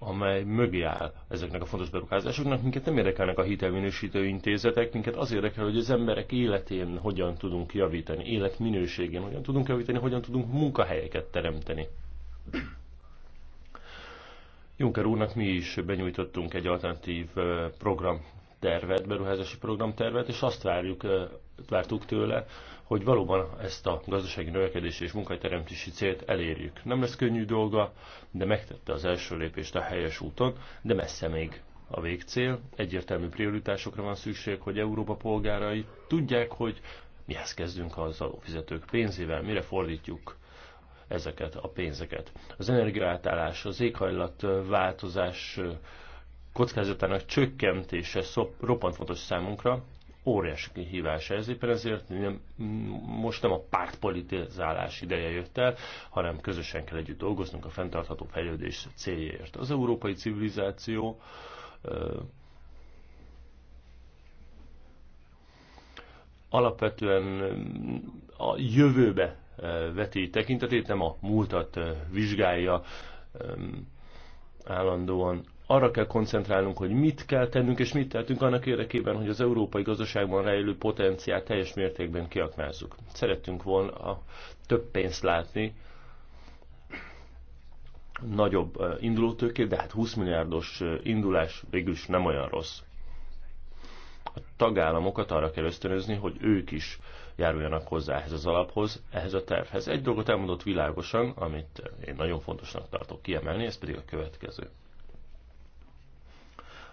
amely mögé áll ezeknek a fontos beruházásoknak. Minket nem érdekelnek a hitelminősítő intézetek, minket az érdekel, hogy az emberek életén hogyan tudunk javítani, életminőségén hogyan tudunk javítani, hogyan tudunk munkahelyeket teremteni. Juncker úrnak mi is benyújtottunk egy alternatív programtervet, beruházási programtervet, és azt várjuk, vártuk tőle, hogy valóban ezt a gazdasági növekedési és munkahelyteremtési célt elérjük. Nem lesz könnyű dolga, de megtette az első lépést a helyes úton, de messze még a végcél. Egyértelmű prioritásokra van szükség, hogy Európa polgárai tudják, hogy mihez kezdünk az adófizetők pénzével, mire fordítjuk ezeket a pénzeket. Az energiaátállás, az éghajlatváltozás kockázatának csökkentése szop, roppant fontos számunkra, óriási kihívás ez, éppen ezért nem, most nem a pártpolitizálás ideje jött el, hanem közösen kell együtt dolgoznunk a fenntartható fejlődés céljáért. Az európai civilizáció alapvetően a jövőbe veti tekintetét, nem a múltat vizsgálja állandóan arra kell koncentrálnunk, hogy mit kell tennünk, és mit tettünk annak érdekében, hogy az európai gazdaságban rejlő potenciált teljes mértékben kiaknázzuk. Szerettünk volna a több pénzt látni, nagyobb indulótőkét, de hát 20 milliárdos indulás végül is nem olyan rossz. A tagállamokat arra kell ösztönözni, hogy ők is járuljanak hozzá ehhez az alaphoz, ehhez a tervhez. Egy dolgot elmondott világosan, amit én nagyon fontosnak tartok kiemelni, ez pedig a következő.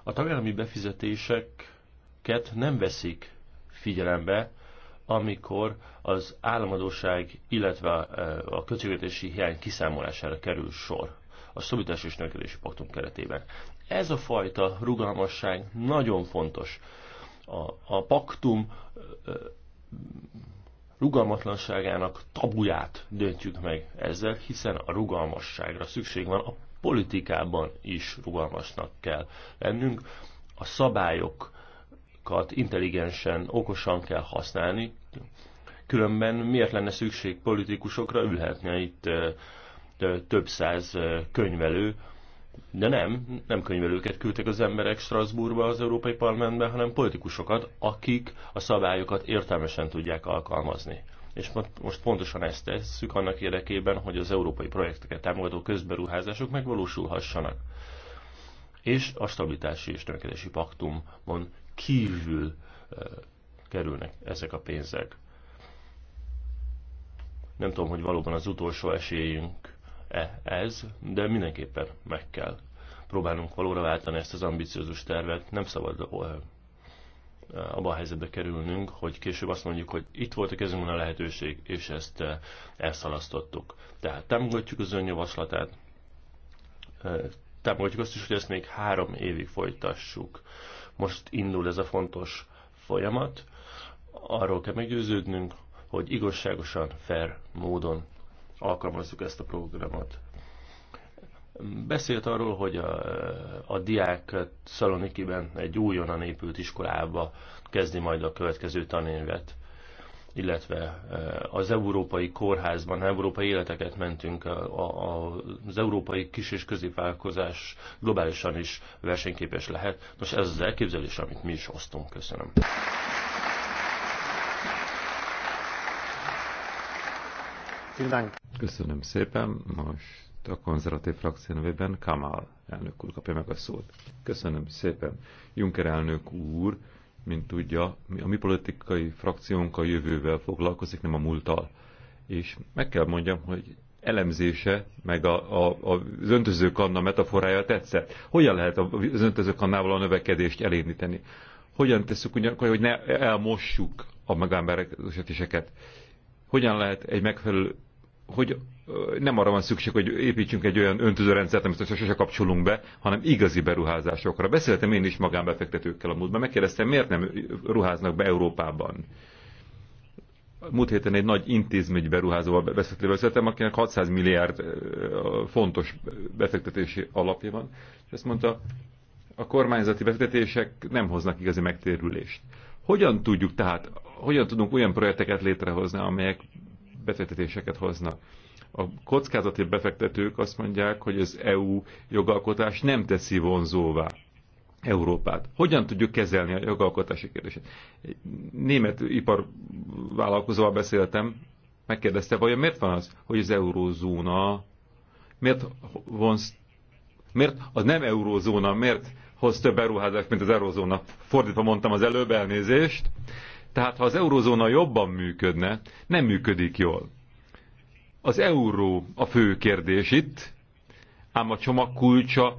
A tagállami befizetéseket nem veszik figyelembe, amikor az államadóság, illetve e, a költségvetési hiány kiszámolására kerül sor a szobítás és növekedési paktum keretében. Ez a fajta rugalmasság nagyon fontos. A, a paktum e, rugalmatlanságának tabuját döntjük meg ezzel, hiszen a rugalmasságra szükség van a politikában is rugalmasnak kell lennünk. A szabályokat intelligensen, okosan kell használni, különben miért lenne szükség politikusokra ülhetne itt több száz könyvelő, de nem, nem könyvelőket küldtek az emberek Strasbourgba az Európai Parlamentbe, hanem politikusokat, akik a szabályokat értelmesen tudják alkalmazni és most pontosan ezt tesszük annak érdekében, hogy az európai projekteket támogató közberuházások megvalósulhassanak. És a stabilitási és növekedési paktumon kívül e, kerülnek ezek a pénzek. Nem tudom, hogy valóban az utolsó esélyünk -e ez, de mindenképpen meg kell próbálnunk valóra váltani ezt az ambiciózus tervet, nem szabad abban a helyzetbe kerülnünk, hogy később azt mondjuk, hogy itt volt a kezünkben a lehetőség, és ezt eh, elszalasztottuk. Tehát támogatjuk az önjavaslatát, eh, támogatjuk azt is, hogy ezt még három évig folytassuk. Most indul ez a fontos folyamat, arról kell meggyőződnünk, hogy igazságosan, fair módon alkalmazzuk ezt a programot. Beszélt arról, hogy a, a diák Szalonikiben egy újonnan épült iskolába kezdi majd a következő tanévet illetve eh, az Európai Kórházban európai életeket mentünk, az európai kis- és középvállalkozás globálisan is versenyképes lehet. Nos, ez az elképzelés, amit mi is osztunk. Köszönöm. Köszönöm szépen. Most a konzervatív frakció nevében Kamal elnök úr kapja meg a szót. Köszönöm szépen. Juncker elnök úr, mint tudja, a mi politikai frakciónk a jövővel foglalkozik, nem a múlttal. És meg kell mondjam, hogy elemzése, meg a, a, a, az öntözőkanna metaforája tetszett. Hogyan lehet az öntözőkannával a növekedést elindítani? Hogyan tesszük ugyanakkor, hogy ne elmossuk a megállapodásokat? Hogyan lehet egy megfelelő hogy nem arra van szükség, hogy építsünk egy olyan öntöző rendszert, amit sose kapcsolunk be, hanem igazi beruházásokra. Beszéltem én is magánbefektetőkkel a múltban, megkérdeztem, miért nem ruháznak be Európában. Múlt héten egy nagy intézmény beruházóval beszéltem, akinek 600 milliárd fontos befektetési alapja van, és azt mondta, a kormányzati befektetések nem hoznak igazi megtérülést. Hogyan tudjuk tehát, hogyan tudunk olyan projekteket létrehozni, amelyek befektetéseket hoznak. A kockázati befektetők azt mondják, hogy az EU jogalkotás nem teszi vonzóvá Európát. Hogyan tudjuk kezelni a jogalkotási kérdését? Egy német iparvállalkozóval beszéltem, megkérdezte, vajon miért van az, hogy az eurózóna, miért vonz, miért a nem eurózóna, miért hoz több beruházást, mint az eurózóna. Fordítva mondtam az előbb elnézést. Tehát ha az eurozóna jobban működne, nem működik jól. Az euró a fő kérdés itt, ám a csomag kulcsa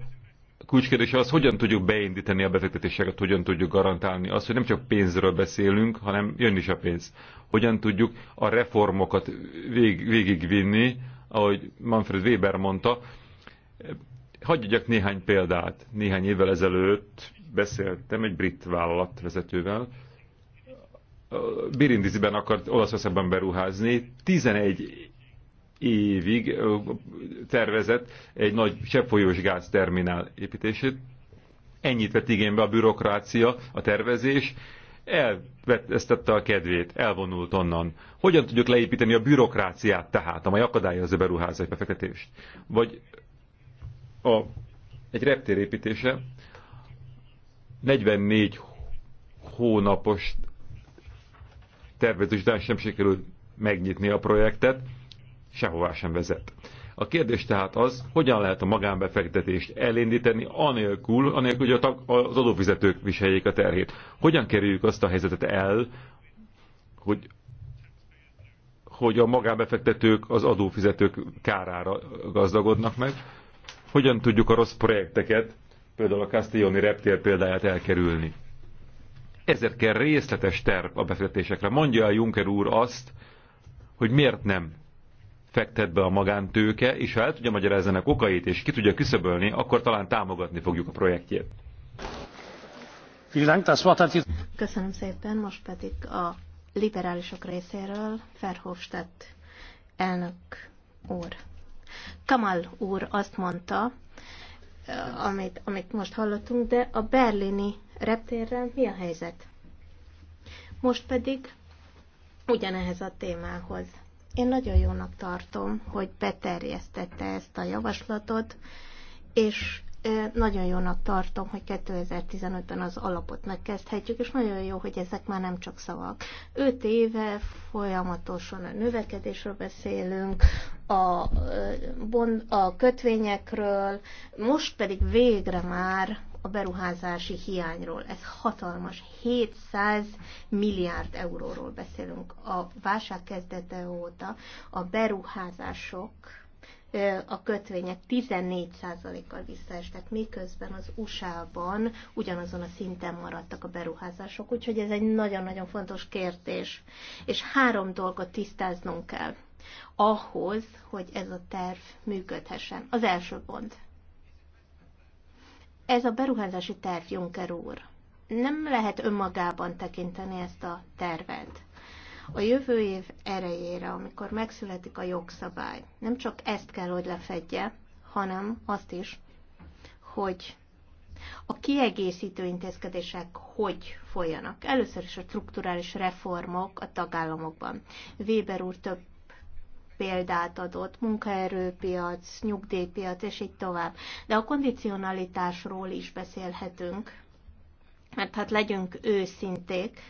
kulcskérdése az, hogyan tudjuk beindítani a befektetéseket, hogyan tudjuk garantálni azt, hogy nem csak pénzről beszélünk, hanem jön is a pénz. Hogyan tudjuk a reformokat vég, végigvinni, ahogy Manfred Weber mondta. Hagyjak néhány példát. Néhány évvel ezelőtt beszéltem egy brit vállalat vezetővel, Birindiziben akart Olaszországban beruházni, 11 évig tervezett egy nagy cseppfolyós gázterminál építését. Ennyit vett igénybe a bürokrácia, a tervezés, elvesztette a kedvét, elvonult onnan. Hogyan tudjuk leépíteni a bürokráciát tehát, amely akadályozza a beruházás befektetést? Vagy a, egy reptérépítése 44 hónapos tervezés után sem sikerült megnyitni a projektet, sehová sem vezet. A kérdés tehát az, hogyan lehet a magánbefektetést elindítani, anélkül, anélkül hogy az adófizetők viseljék a terhét. Hogyan kerüljük azt a helyzetet el, hogy, hogy a magánbefektetők az adófizetők kárára gazdagodnak meg? Hogyan tudjuk a rossz projekteket, például a Castelloni reptér példáját elkerülni? Ezért kell részletes terv a befektetésekre. Mondja el Juncker úr azt, hogy miért nem fektet be a magántőke, és ha el tudja magyarázni ennek okait, és ki tudja küszöbölni, akkor talán támogatni fogjuk a projektjét. Köszönöm szépen, most pedig a liberálisok részéről Ferhofstadt elnök úr. Kamal úr azt mondta, eh, amit, amit most hallottunk, de a berlini reptérrel mi a helyzet. Most pedig ugyanehhez a témához. Én nagyon jónak tartom, hogy beterjesztette ezt a javaslatot, és nagyon jónak tartom, hogy 2015-ben az alapot megkezdhetjük, és nagyon jó, hogy ezek már nem csak szavak. Öt éve folyamatosan a növekedésről beszélünk, a, a kötvényekről, most pedig végre már a beruházási hiányról. Ez hatalmas. 700 milliárd euróról beszélünk. A válság kezdete óta a beruházások a kötvények 14%-kal visszaestek, miközben az USA-ban ugyanazon a szinten maradtak a beruházások, úgyhogy ez egy nagyon-nagyon fontos kérdés. És három dolgot tisztáznunk kell ahhoz, hogy ez a terv működhessen. Az első pont – ez a beruházási terv, Juncker úr. Nem lehet önmagában tekinteni ezt a tervet. A jövő év erejére, amikor megszületik a jogszabály, nem csak ezt kell, hogy lefedje, hanem azt is, hogy a kiegészítő intézkedések hogy folyanak? Először is a strukturális reformok a tagállamokban. Weber úr több példát adott, munkaerőpiac, nyugdíjpiac, és így tovább. De a kondicionalitásról is beszélhetünk, mert hát legyünk őszinték,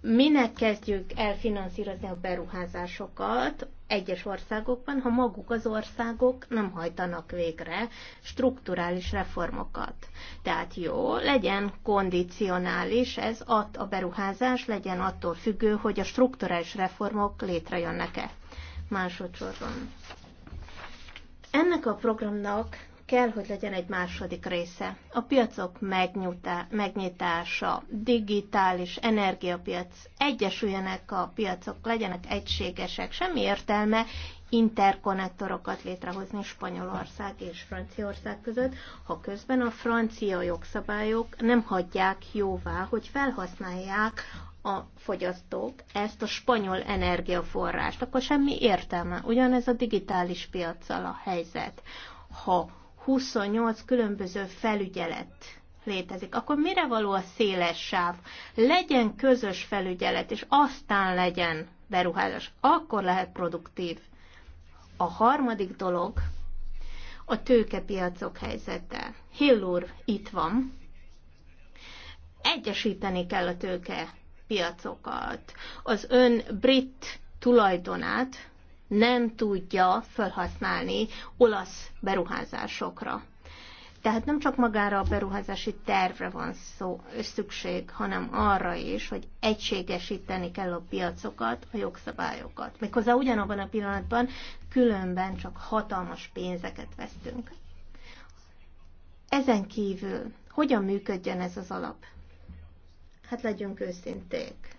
minek kezdjük el finanszírozni a beruházásokat, egyes országokban, ha maguk az országok nem hajtanak végre strukturális reformokat. Tehát jó, legyen kondicionális, ez ad a beruházás, legyen attól függő, hogy a strukturális reformok létrejönnek-e. Másodszorban. Ennek a programnak kell, hogy legyen egy második része. A piacok megnyitása, digitális energiapiac, egyesüljenek a piacok, legyenek egységesek, semmi értelme interkonnektorokat létrehozni Spanyolország és Franciaország között, ha közben a francia jogszabályok nem hagyják jóvá, hogy felhasználják a fogyasztók ezt a spanyol energiaforrást, akkor semmi értelme. Ugyanez a digitális piaccal a helyzet. Ha 28 különböző felügyelet létezik, akkor mire való a széles sáv? Legyen közös felügyelet, és aztán legyen beruházás. Akkor lehet produktív. A harmadik dolog a tőkepiacok helyzete. Hill úr itt van. Egyesíteni kell a tőkepiacokat. Az ön brit tulajdonát nem tudja felhasználni olasz beruházásokra. Tehát nem csak magára a beruházási tervre van szó, szükség, hanem arra is, hogy egységesíteni kell a piacokat, a jogszabályokat. Méghozzá ugyanabban a pillanatban különben csak hatalmas pénzeket vesztünk. Ezen kívül hogyan működjön ez az alap? Hát legyünk őszinték.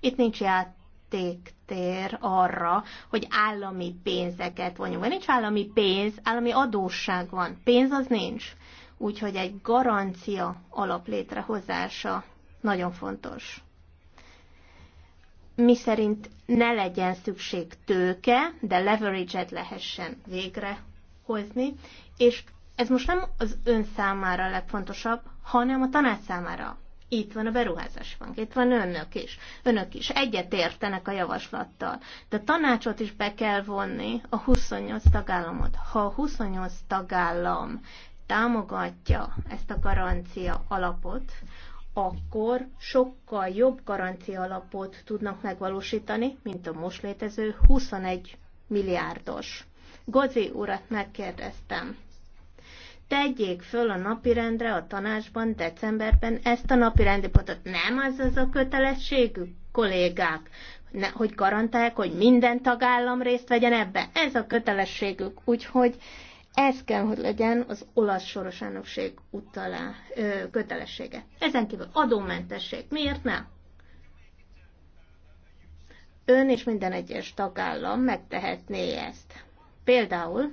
Itt nincs ját, játéktér arra, hogy állami pénzeket vonjunk. Mert nincs állami pénz, állami adósság van. Pénz az nincs. Úgyhogy egy garancia alaplétrehozása nagyon fontos. Mi szerint ne legyen szükség tőke, de leverage-et lehessen végrehozni, és ez most nem az ön számára a legfontosabb, hanem a tanács számára. Itt van a beruházás bank, itt van önök is. Önök is egyetértenek a javaslattal. De tanácsot is be kell vonni a 28 tagállamot. Ha a 28 tagállam támogatja ezt a garancia alapot, akkor sokkal jobb garancia alapot tudnak megvalósítani, mint a most létező 21 milliárdos. Gozi urat megkérdeztem tegyék föl a napirendre a tanácsban decemberben ezt a napirendi pontot. Nem az az a kötelességük, kollégák, ne, hogy garantálják, hogy minden tagállam részt vegyen ebbe. Ez a kötelességük. Úgyhogy ez kell, hogy legyen az olasz soros elnökség utalá, ö, kötelessége. Ezen kívül adómentesség. Miért nem? Ön és minden egyes tagállam megtehetné ezt. Például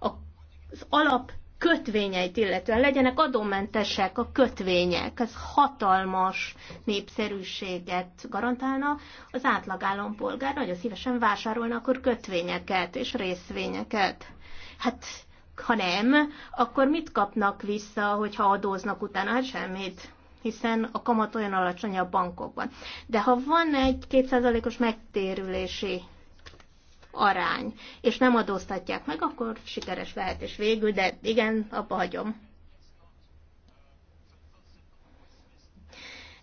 az alap kötvényeit illetően legyenek adómentesek a kötvények. Ez hatalmas népszerűséget garantálna. Az átlag állampolgár nagyon szívesen vásárolna akkor kötvényeket és részvényeket. Hát ha nem, akkor mit kapnak vissza, hogyha adóznak utána? Hát semmit hiszen a kamat olyan alacsony a bankokban. De ha van egy kétszázalékos megtérülési arány, és nem adóztatják meg, akkor sikeres lehet, és végül, de igen, abba hagyom.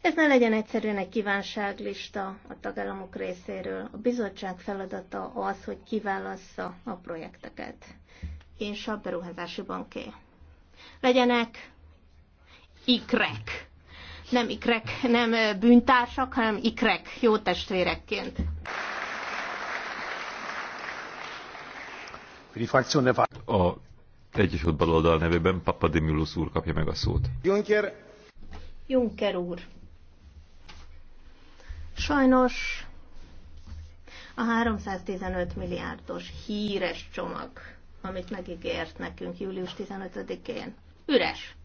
Ez ne legyen egyszerűen egy kívánságlista a tagállamok részéről. A bizottság feladata az, hogy kiválassza a projekteket. És a beruházási banké. Legyenek ikrek. Nem ikrek, nem bűntársak, hanem ikrek, jó testvérekként. A Egyesült Baloldal nevében Papadimulus úr kapja meg a szót. Juncker! Juncker úr! Sajnos a 315 milliárdos híres csomag, amit megígért nekünk július 15-én, üres.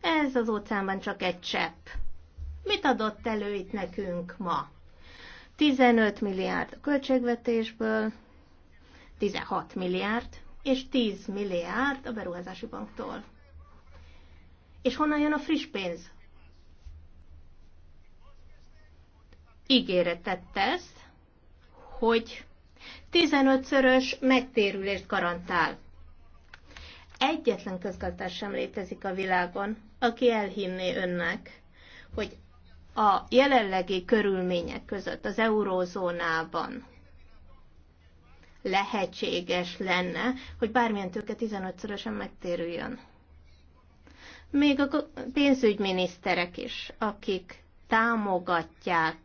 Ez az óceánban csak egy csepp. Mit adott elő itt nekünk ma? 15 milliárd a költségvetésből, 16 milliárd, és 10 milliárd a beruházási banktól. És honnan jön a friss pénz? Ígéretet tesz, hogy 15-szörös megtérülést garantál. Egyetlen közgazdás sem létezik a világon, aki elhinné önnek, hogy a jelenlegi körülmények között az eurózónában lehetséges lenne, hogy bármilyen tőke 15-szörösen megtérüljön. Még a pénzügyminiszterek is, akik támogatják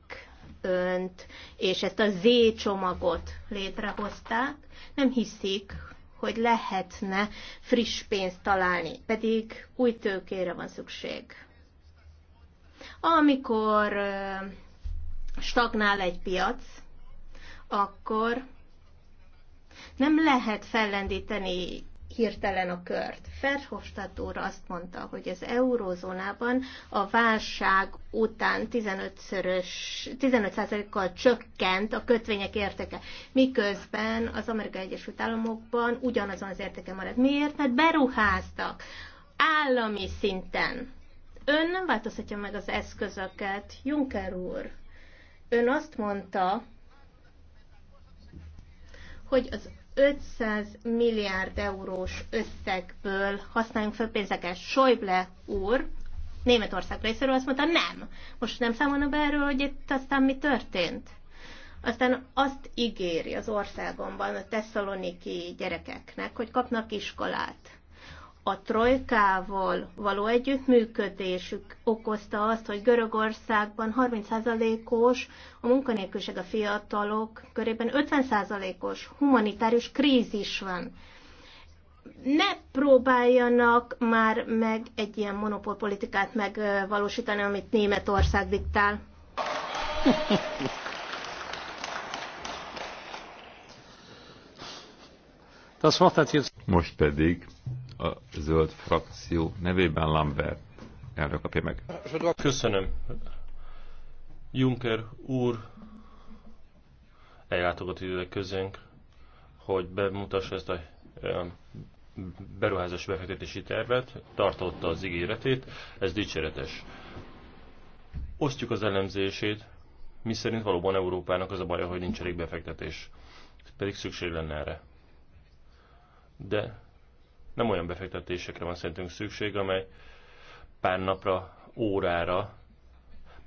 önt, és ezt a Z csomagot létrehozták, nem hiszik, hogy lehetne friss pénzt találni, pedig új tőkére van szükség. Amikor stagnál egy piac, akkor nem lehet fellendíteni hirtelen a kört. Ferhofstadt úr azt mondta, hogy az eurózónában a válság után 15-szörös, 15%-kal csökkent a kötvények értéke, miközben az Amerikai Egyesült Államokban ugyanazon az értéke maradt. Miért? Mert beruháztak állami szinten. Ön nem változtatja meg az eszközöket, Juncker úr. Ön azt mondta, hogy az 500 milliárd eurós összegből használjunk föl pénzeket. Schäuble úr Németország részéről azt mondta, nem. Most nem számolna be erről, hogy itt aztán mi történt? Aztán azt ígéri az országomban a tesszaloniki gyerekeknek, hogy kapnak iskolát a trojkával való együttműködésük okozta azt, hogy Görögországban 30%-os a munkanélküliség a fiatalok körében 50%-os humanitárius krízis van. Ne próbáljanak már meg egy ilyen monopolpolitikát megvalósítani, amit Németország diktál. Most pedig a zöld frakció nevében Lambert elnök kapja meg. Köszönöm. Juncker úr eljátogat ide közénk, hogy bemutassa ezt a beruházás befektetési tervet, tartotta az ígéretét, ez dicséretes. Osztjuk az elemzését, mi szerint valóban Európának az a baja, hogy nincs elég befektetés. Pedig szükség lenne erre. De nem olyan befektetésekre van szerintünk szükség, amely pár napra, órára,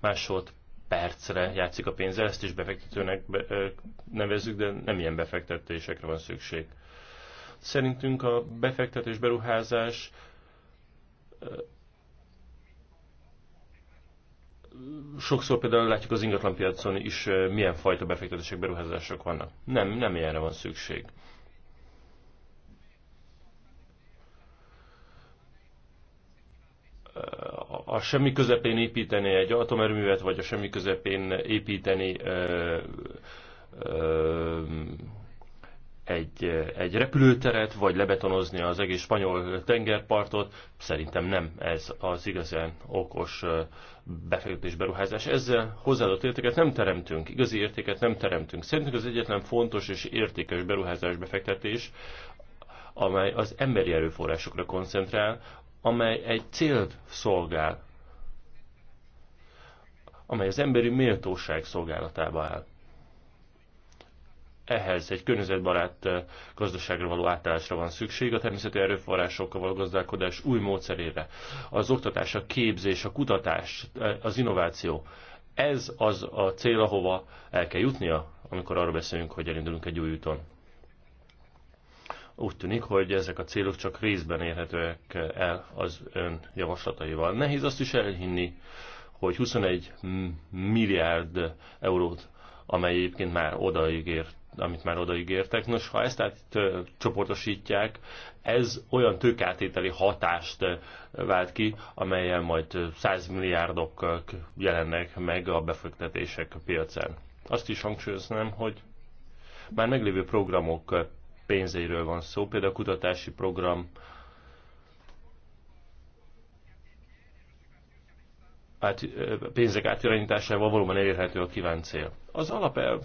másod percre játszik a pénzzel, ezt is befektetőnek nevezzük, de nem ilyen befektetésekre van szükség. Szerintünk a befektetés beruházás sokszor például látjuk az ingatlanpiacon is, milyen fajta befektetések, beruházások vannak. Nem, nem ilyenre van szükség. a semmi közepén építeni egy atomerőművet, vagy a semmi közepén építeni egy, egy repülőteret, vagy lebetonozni az egész spanyol tengerpartot, szerintem nem ez az igazán okos befektetés beruházás. Ezzel hozzáadott értéket nem teremtünk, igazi értéket nem teremtünk. Szerintem az egyetlen fontos és értékes beruházás befektetés, amely az emberi erőforrásokra koncentrál, amely egy célt szolgál, amely az emberi méltóság szolgálatába áll. Ehhez egy környezetbarát eh, gazdaságra való átállásra van szükség, a természeti erőforrásokkal való gazdálkodás új módszerére, az oktatás, a képzés, a kutatás, eh, az innováció. Ez az a cél, ahova el kell jutnia, amikor arra beszélünk, hogy elindulunk egy új úton. Úgy tűnik, hogy ezek a célok csak részben érhetőek el az ön javaslataival. Nehéz azt is elhinni, hogy 21 milliárd eurót, amely egyébként már odaígért amit már odaígértek. Nos, ha ezt át csoportosítják, ez olyan tőkátételi hatást vált ki, amelyen majd 100 milliárdok jelennek meg a befektetések piacán. Azt is hangsúlyoznám, hogy már meglévő programok pénzeiről van szó, például a kutatási program át, pénzek átirányításával valóban elérhető a kívánt cél. Az alapelv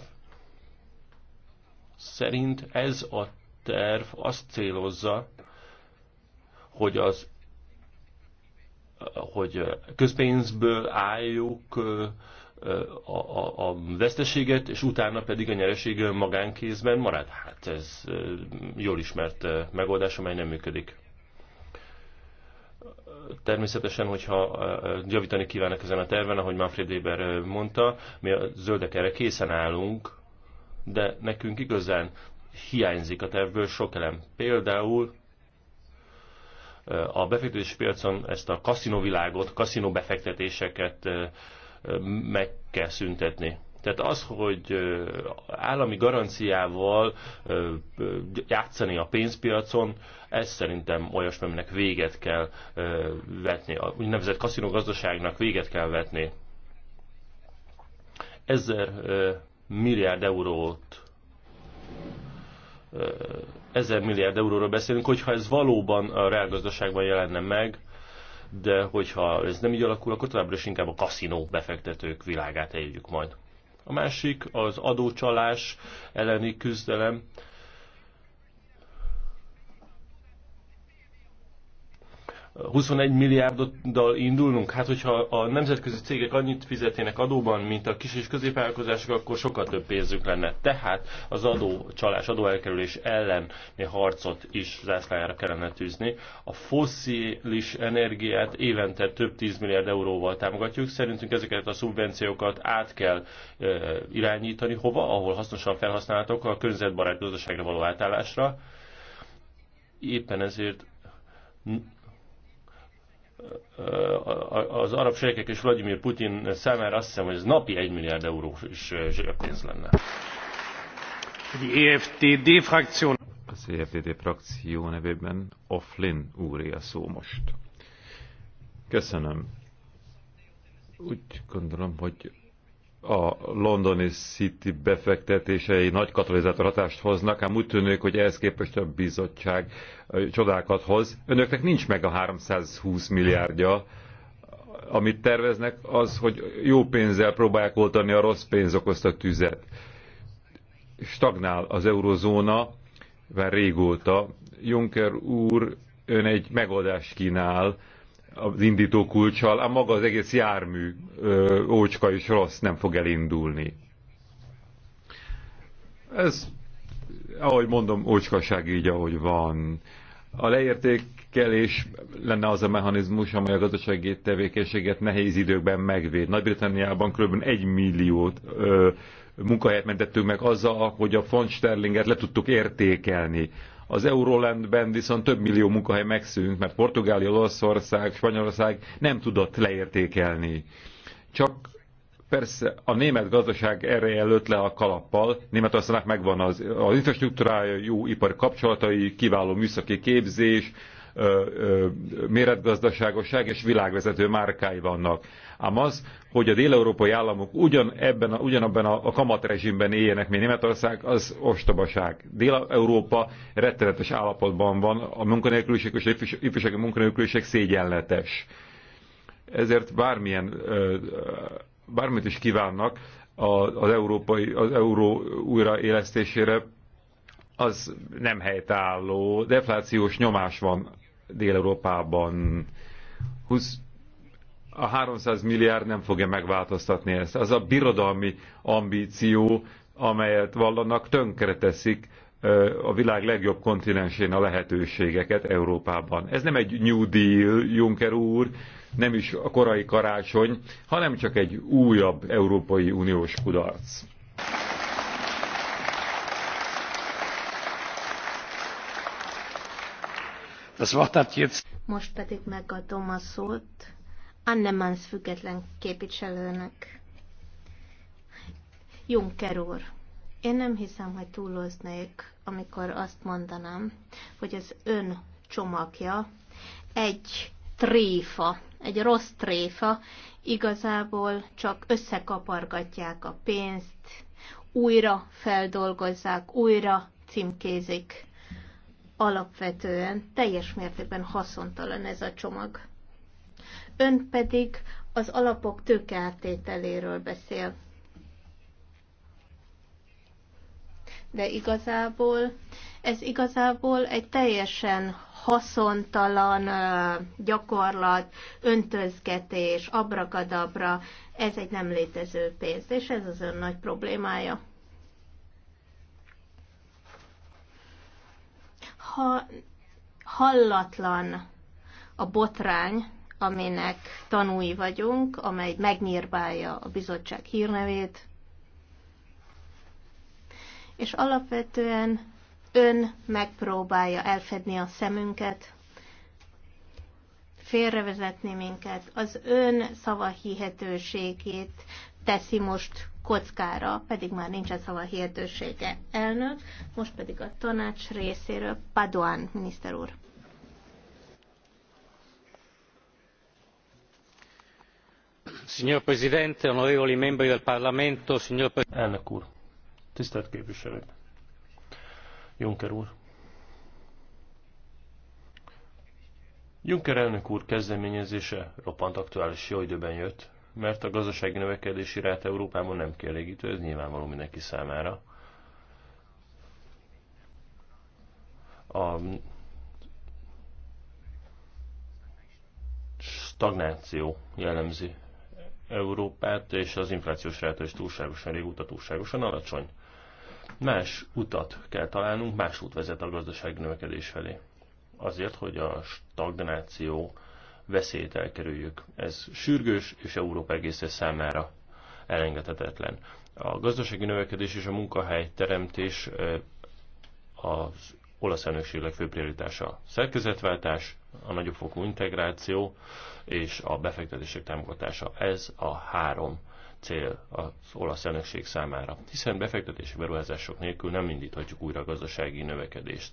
szerint ez a terv azt célozza, hogy az hogy közpénzből álljuk a, a, a veszteséget, és utána pedig a nyereség magánkézben marad. Hát ez jól ismert megoldás, amely nem működik. Természetesen, hogyha javítani kívánok ezen a terven, ahogy Manfred Weber mondta, mi a zöldek erre készen állunk, de nekünk igazán hiányzik a tervből sok elem. Például a befektetési piacon ezt a kaszinovilágot, kaszinó befektetéseket meg kell szüntetni. Tehát az, hogy állami garanciával játszani a pénzpiacon, ez szerintem olyasmi, aminek véget kell vetni. A úgynevezett kaszinogazdaságnak véget kell vetni. Ezer milliárd eurót ezer milliárd euróról beszélünk, hogyha ez valóban a reálgazdaságban jelenne meg, de hogyha ez nem így alakul, akkor továbbra is inkább a kaszinó befektetők világát éljük majd. A másik az adócsalás elleni küzdelem. 21 milliárddal indulnunk? Hát, hogyha a nemzetközi cégek annyit fizetének adóban, mint a kis és középvállalkozások, akkor sokkal több pénzük lenne. Tehát az adócsalás, adóelkerülés elleni harcot is zászlájára kellene tűzni. A foszilis energiát évente több 10 milliárd euróval támogatjuk. Szerintünk ezeket a szubvenciókat át kell e, irányítani hova, ahol hasznosan felhasználhatók a környezetbarát gazdaságra való átállásra. Éppen ezért az arab sejkek és Vladimir Putin számára azt hiszem, hogy ez napi 1 milliárd euró is zsebpénz lenne. EFTD e frakció. Az EFTD frakció nevében Offlin úré a szó most. Köszönöm. Úgy gondolom, hogy a londoni City befektetései nagy katalizátor hatást hoznak, ám úgy tűnik, hogy ehhez képest a bizottság csodákat hoz. Önöknek nincs meg a 320 milliárdja, amit terveznek, az, hogy jó pénzzel próbálják oltani a rossz pénz okozta tüzet. Stagnál az eurozóna, már régóta. Juncker úr, ön egy megoldást kínál, az indító kulcsal, ám maga az egész jármű ö, ócska is rossz, nem fog elindulni. Ez, ahogy mondom, ócskaság így, ahogy van. A leértékelés lenne az a mechanizmus, amely a gazdasági tevékenységet nehéz időkben megvéd. Nagy-Britanniában kb. 1 milliót ö, munkahelyet mentettünk meg azzal, hogy a font sterlinget le tudtuk értékelni az Eurolandben viszont több millió munkahely megszűnt, mert Portugália, Olaszország, Spanyolország nem tudott leértékelni. Csak persze a német gazdaság erre előtt le a kalappal. Németországnak megvan az, az infrastruktúrája, jó ipari kapcsolatai, kiváló műszaki képzés, méretgazdaságosság és világvezető márkái vannak. Ám az, hogy a déleurópai államok ugyan ebben, ugyanabban a, a kamatrezsimben éljenek, mint Németország, az ostobaság. Dél-Európa rettenetes állapotban van, a munkanélküliség és a ifjúsági munkanélküliség szégyenletes. Ezért bármilyen, bármit is kívánnak az, európai, az euró újraélesztésére, az nem helytálló, deflációs nyomás van Dél-Európában. 20, a 300 milliárd nem fogja megváltoztatni ezt. Az a birodalmi ambíció, amelyet vallanak, tönkreteszik a világ legjobb kontinensén a lehetőségeket Európában. Ez nem egy New Deal, Juncker úr, nem is a korai karácsony, hanem csak egy újabb Európai Uniós kudarc. Most pedig megadom a szót Annemans független képviselőnek. Juncker úr, én nem hiszem, hogy túloznék, amikor azt mondanám, hogy az ön csomagja egy tréfa, egy rossz tréfa, igazából csak összekapargatják a pénzt, újra feldolgozzák, újra címkézik alapvetően teljes mértékben haszontalan ez a csomag. Ön pedig az alapok tőkeáttételéről beszél. De igazából ez igazából egy teljesen haszontalan gyakorlat, öntözgetés, abrakadabra, ez egy nem létező pénz, és ez az ön nagy problémája. ha hallatlan a botrány, aminek tanúi vagyunk, amely megnyírbálja a bizottság hírnevét, és alapvetően ön megpróbálja elfedni a szemünket, félrevezetni minket, az ön hihetőségét teszi most kockára, pedig már nincsen szava hirdősége elnök, most pedig a tanács részéről Padoan miniszter úr. Signor Presidente, onorevoli membri del Parlamento, signor Elnök úr, tisztelt képviselők, Juncker úr, Juncker elnök úr kezdeményezése roppant aktuális jó időben jött, mert a gazdasági növekedési ráta Európában nem kielégítő, ez nyilvánvaló mindenki számára. A stagnáció jellemzi Európát, és az inflációs ráta is túlságosan régóta túlságosan alacsony. Más utat kell találnunk, más út vezet a gazdasági növekedés felé. Azért, hogy a stagnáció veszélyt elkerüljük. Ez sürgős, és Európa egészen számára elengedhetetlen. A gazdasági növekedés és a munkahely teremtés eh, az olasz elnökség legfőbb prioritása. Szerkezetváltás, a nagyobb fokú integráció és a befektetések támogatása. Ez a három cél az olasz elnökség számára, hiszen befektetési beruházások nélkül nem indíthatjuk újra a gazdasági növekedést.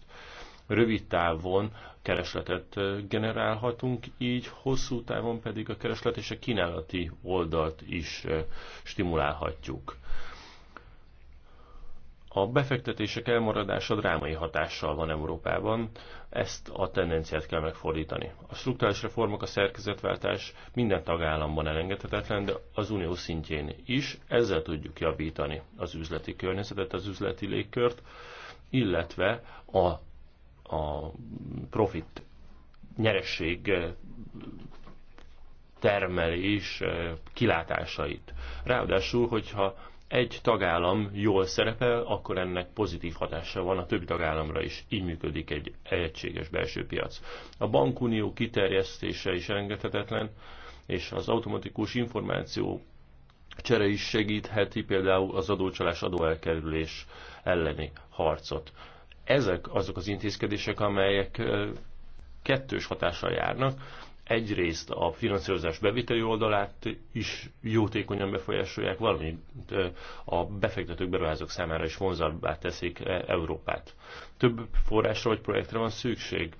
Rövid távon keresletet generálhatunk, így hosszú távon pedig a kereslet és a kínálati oldalt is stimulálhatjuk. A befektetések elmaradása drámai hatással van Európában, ezt a tendenciát kell megfordítani. A struktúrális reformok, a szerkezetváltás minden tagállamban elengedhetetlen, de az unió szintjén is ezzel tudjuk javítani az üzleti környezetet, az üzleti légkört, illetve a a profit nyeresség eh, termelés eh, kilátásait. Ráadásul, hogyha egy tagállam jól szerepel, akkor ennek pozitív hatása van a többi tagállamra is. Így működik egy egységes belső piac. A bankunió kiterjesztése is engedhetetlen, és az automatikus információ csere is segítheti például az adócsalás adóelkerülés elleni harcot. Ezek azok az intézkedések, amelyek kettős hatással járnak. Egyrészt a finanszírozás beviteli oldalát is jótékonyan befolyásolják, valamint a befektetők, beruházók számára is vonzalbá teszik e, Európát. Több forrásra vagy projektre van szükség?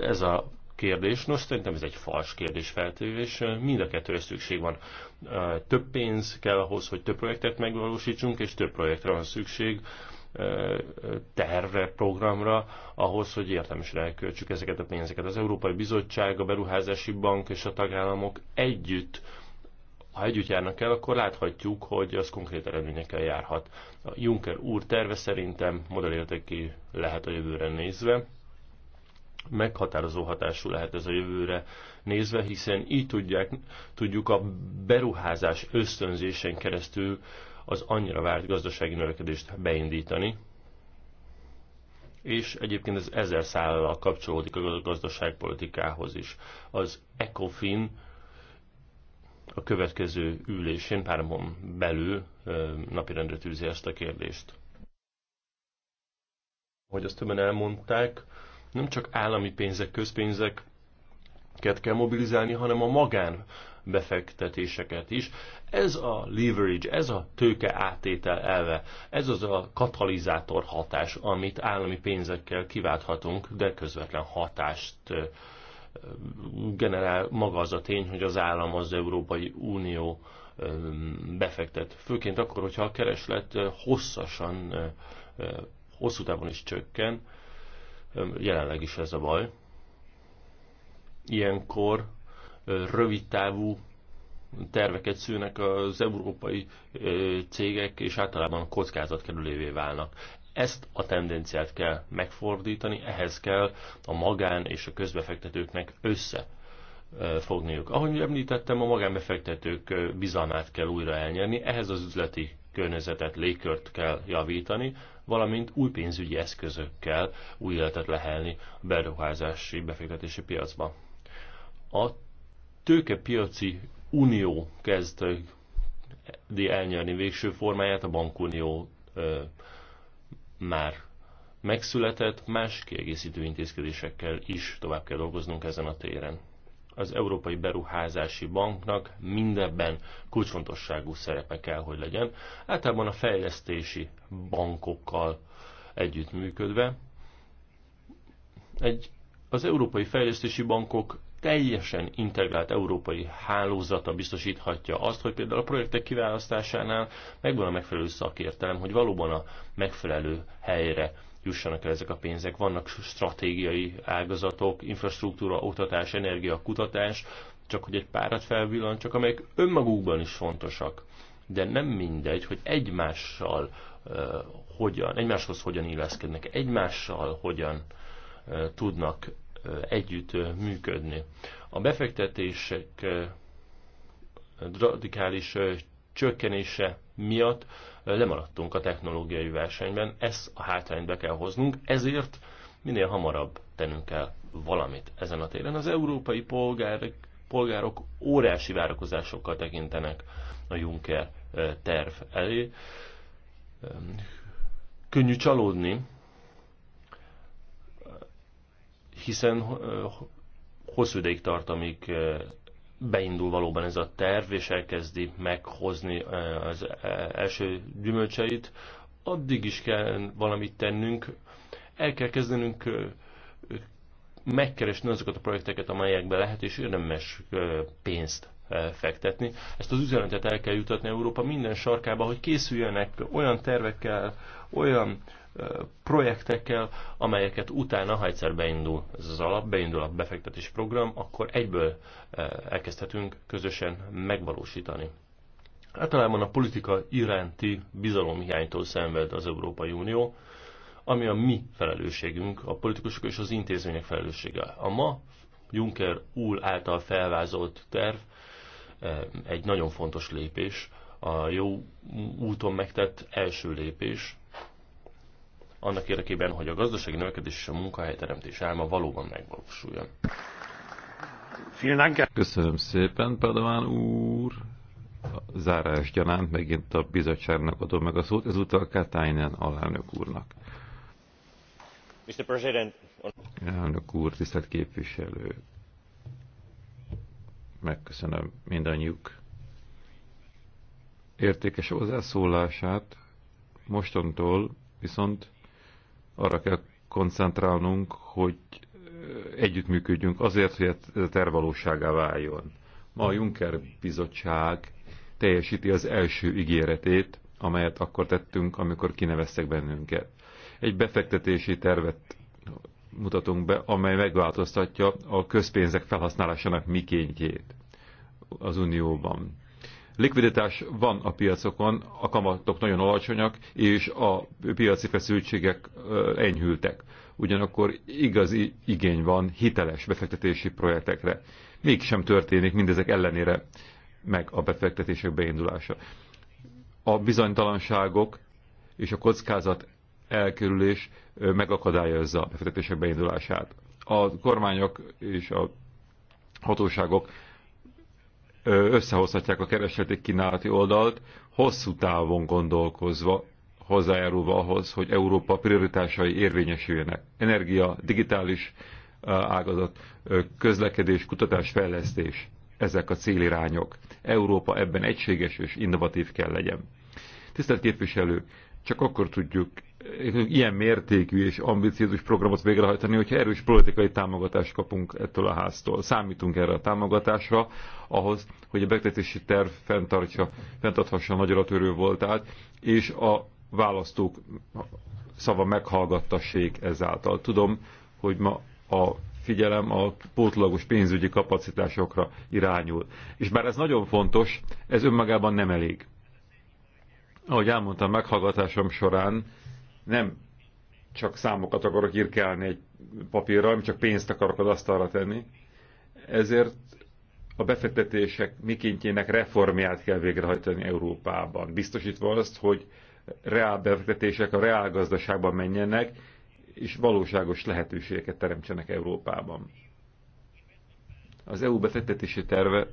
Ez a kérdés. Nos, szerintem ez egy fals kérdés feltevés. Mind a kettőre szükség van. Több pénz kell ahhoz, hogy több projektet megvalósítsunk, és több projektre van szükség tervre, programra, ahhoz, hogy értelmesre elköltsük ezeket a pénzeket. Az Európai Bizottság, a Beruházási Bank és a tagállamok együtt ha együtt járnak el, akkor láthatjuk, hogy az konkrét eredményekkel járhat. A Juncker úr terve szerintem modellértéki lehet a jövőre nézve, meghatározó hatású lehet ez a jövőre nézve, hiszen így tudják, tudjuk a beruházás ösztönzésen keresztül uh, az annyira várt gazdasági növekedést beindítani, és egyébként ez ezer szállal kapcsolódik a gazdaságpolitikához is. Az ECOFIN a következő ülésén pár napon belül napirendre tűzi ezt a kérdést. Hogy azt többen elmondták, nem csak állami pénzek, közpénzek, kell mobilizálni, hanem a magán befektetéseket is. Ez a leverage, ez a tőke átétel elve, ez az a katalizátor hatás, amit állami pénzekkel kiválthatunk, de közvetlen hatást generál maga az a tény, hogy az állam az Európai Unió befektet. Főként akkor, hogyha a kereslet hosszasan, hosszú távon is csökken, jelenleg is ez a baj. Ilyenkor rövidtávú terveket szűnek az európai cégek, és általában kockázatkerülévé válnak. Ezt a tendenciát kell megfordítani, ehhez kell a magán és a közbefektetőknek össze fogniuk. Ahogy említettem, a magánbefektetők bizalmát kell újra elnyerni, ehhez az üzleti környezetet, légkört kell javítani, valamint új pénzügyi eszközökkel új életet lehelni a beruházási befektetési piacba. A tőkepiaci unió kezd elnyerni végső formáját, a bankunió már megszületett, más kiegészítő intézkedésekkel is tovább kell dolgoznunk ezen a téren. Az Európai Beruházási Banknak mindebben kulcsfontosságú szerepe kell, hogy legyen, általában a fejlesztési bankokkal együttműködve. Egy, az Európai Fejlesztési Bankok teljesen integrált európai hálózata biztosíthatja azt, hogy például a projektek kiválasztásánál megvan a megfelelő szakértelem, hogy valóban a megfelelő helyre jussanak el ezek a pénzek. Vannak stratégiai ágazatok, infrastruktúra, oktatás, energia, kutatás, csak hogy egy párat felvillancsak, amelyek önmagukban is fontosak. De nem mindegy, hogy egymással uh, hogyan, egymáshoz hogyan illeszkednek, egymással hogyan uh, tudnak együtt működni. A befektetések radikális csökkenése miatt lemaradtunk a technológiai versenyben, ezt a hátrányt be kell hoznunk, ezért minél hamarabb tennünk kell valamit ezen a téren. Az európai polgárok, polgárok óriási várakozásokkal tekintenek a Juncker terv elé. Könnyű csalódni, hiszen eh, hosszú ideig tart, amíg eh, beindul valóban ez a terv, és elkezdi meghozni eh, az első gyümölcseit, addig is kell valamit tennünk, el kell kezdenünk megkeresni azokat a projekteket, amelyekbe lehet és érdemes pénzt fektetni. Ezt az üzenetet el kell jutatni Európa minden sarkába, hogy készüljenek olyan tervekkel, olyan projektekkel, amelyeket utána, ha egyszer beindul ez az alap, beindul a befektetés program, akkor egyből elkezdhetünk közösen megvalósítani. Általában a politika iránti bizalomhiánytól szenved az Európai Unió, ami a mi felelősségünk, a politikusok és az intézmények felelőssége. A ma Juncker úr által felvázolt terv egy nagyon fontos lépés, a jó úton megtett első lépés, annak érdekében, hogy a gazdasági növekedés és a munkahelyteremtés álma valóban megvalósuljon. Köszönöm szépen, Padován úr! A zárás gyanánt megint a bizottságnak adom meg a szót, ezúttal Katainen alelnök úrnak. Mr. President. Elnök úr, tisztelt képviselő! Megköszönöm mindannyiuk értékes hozzászólását. Mostantól viszont arra kell koncentrálnunk, hogy együttműködjünk azért, hogy ez a terv valóságá váljon. Ma a Juncker bizottság teljesíti az első ígéretét, amelyet akkor tettünk, amikor kineveztek bennünket. Egy befektetési tervet mutatunk be, amely megváltoztatja a közpénzek felhasználásának mikéntjét az Unióban. Likviditás van a piacokon, a kamatok nagyon alacsonyak, és a piaci feszültségek enyhültek. Ugyanakkor igazi igény van hiteles befektetési projektekre. Mégsem történik mindezek ellenére meg a befektetések beindulása. A bizonytalanságok és a kockázat elkerülés megakadályozza a befektetések beindulását. A kormányok és a hatóságok összehozhatják a keresleti kínálati oldalt, hosszú távon gondolkozva, hozzájárulva ahhoz, hogy Európa prioritásai érvényesüljenek. Energia, digitális ágazat, közlekedés, kutatás, fejlesztés, ezek a célirányok. Európa ebben egységes és innovatív kell legyen. Tisztelt képviselő, csak akkor tudjuk ilyen mértékű és ambiciózus programot végrehajtani, hogyha erős politikai támogatást kapunk ettől a háztól. Számítunk erre a támogatásra, ahhoz, hogy a befektetési terv fenntartsa, fenntarthassa nagy alatörő voltát, és a választók szava meghallgattassék ezáltal. Tudom, hogy ma a figyelem a pótlagos pénzügyi kapacitásokra irányul. És bár ez nagyon fontos, ez önmagában nem elég. Ahogy elmondtam meghallgatásom során, nem csak számokat akarok irkelni egy papírra, nem csak pénzt akarok az asztalra tenni. Ezért a befektetések mikéntjének reformját kell végrehajtani Európában, biztosítva azt, hogy reál befektetések a reál gazdaságban menjenek, és valóságos lehetőségeket teremtsenek Európában. Az EU befektetési terve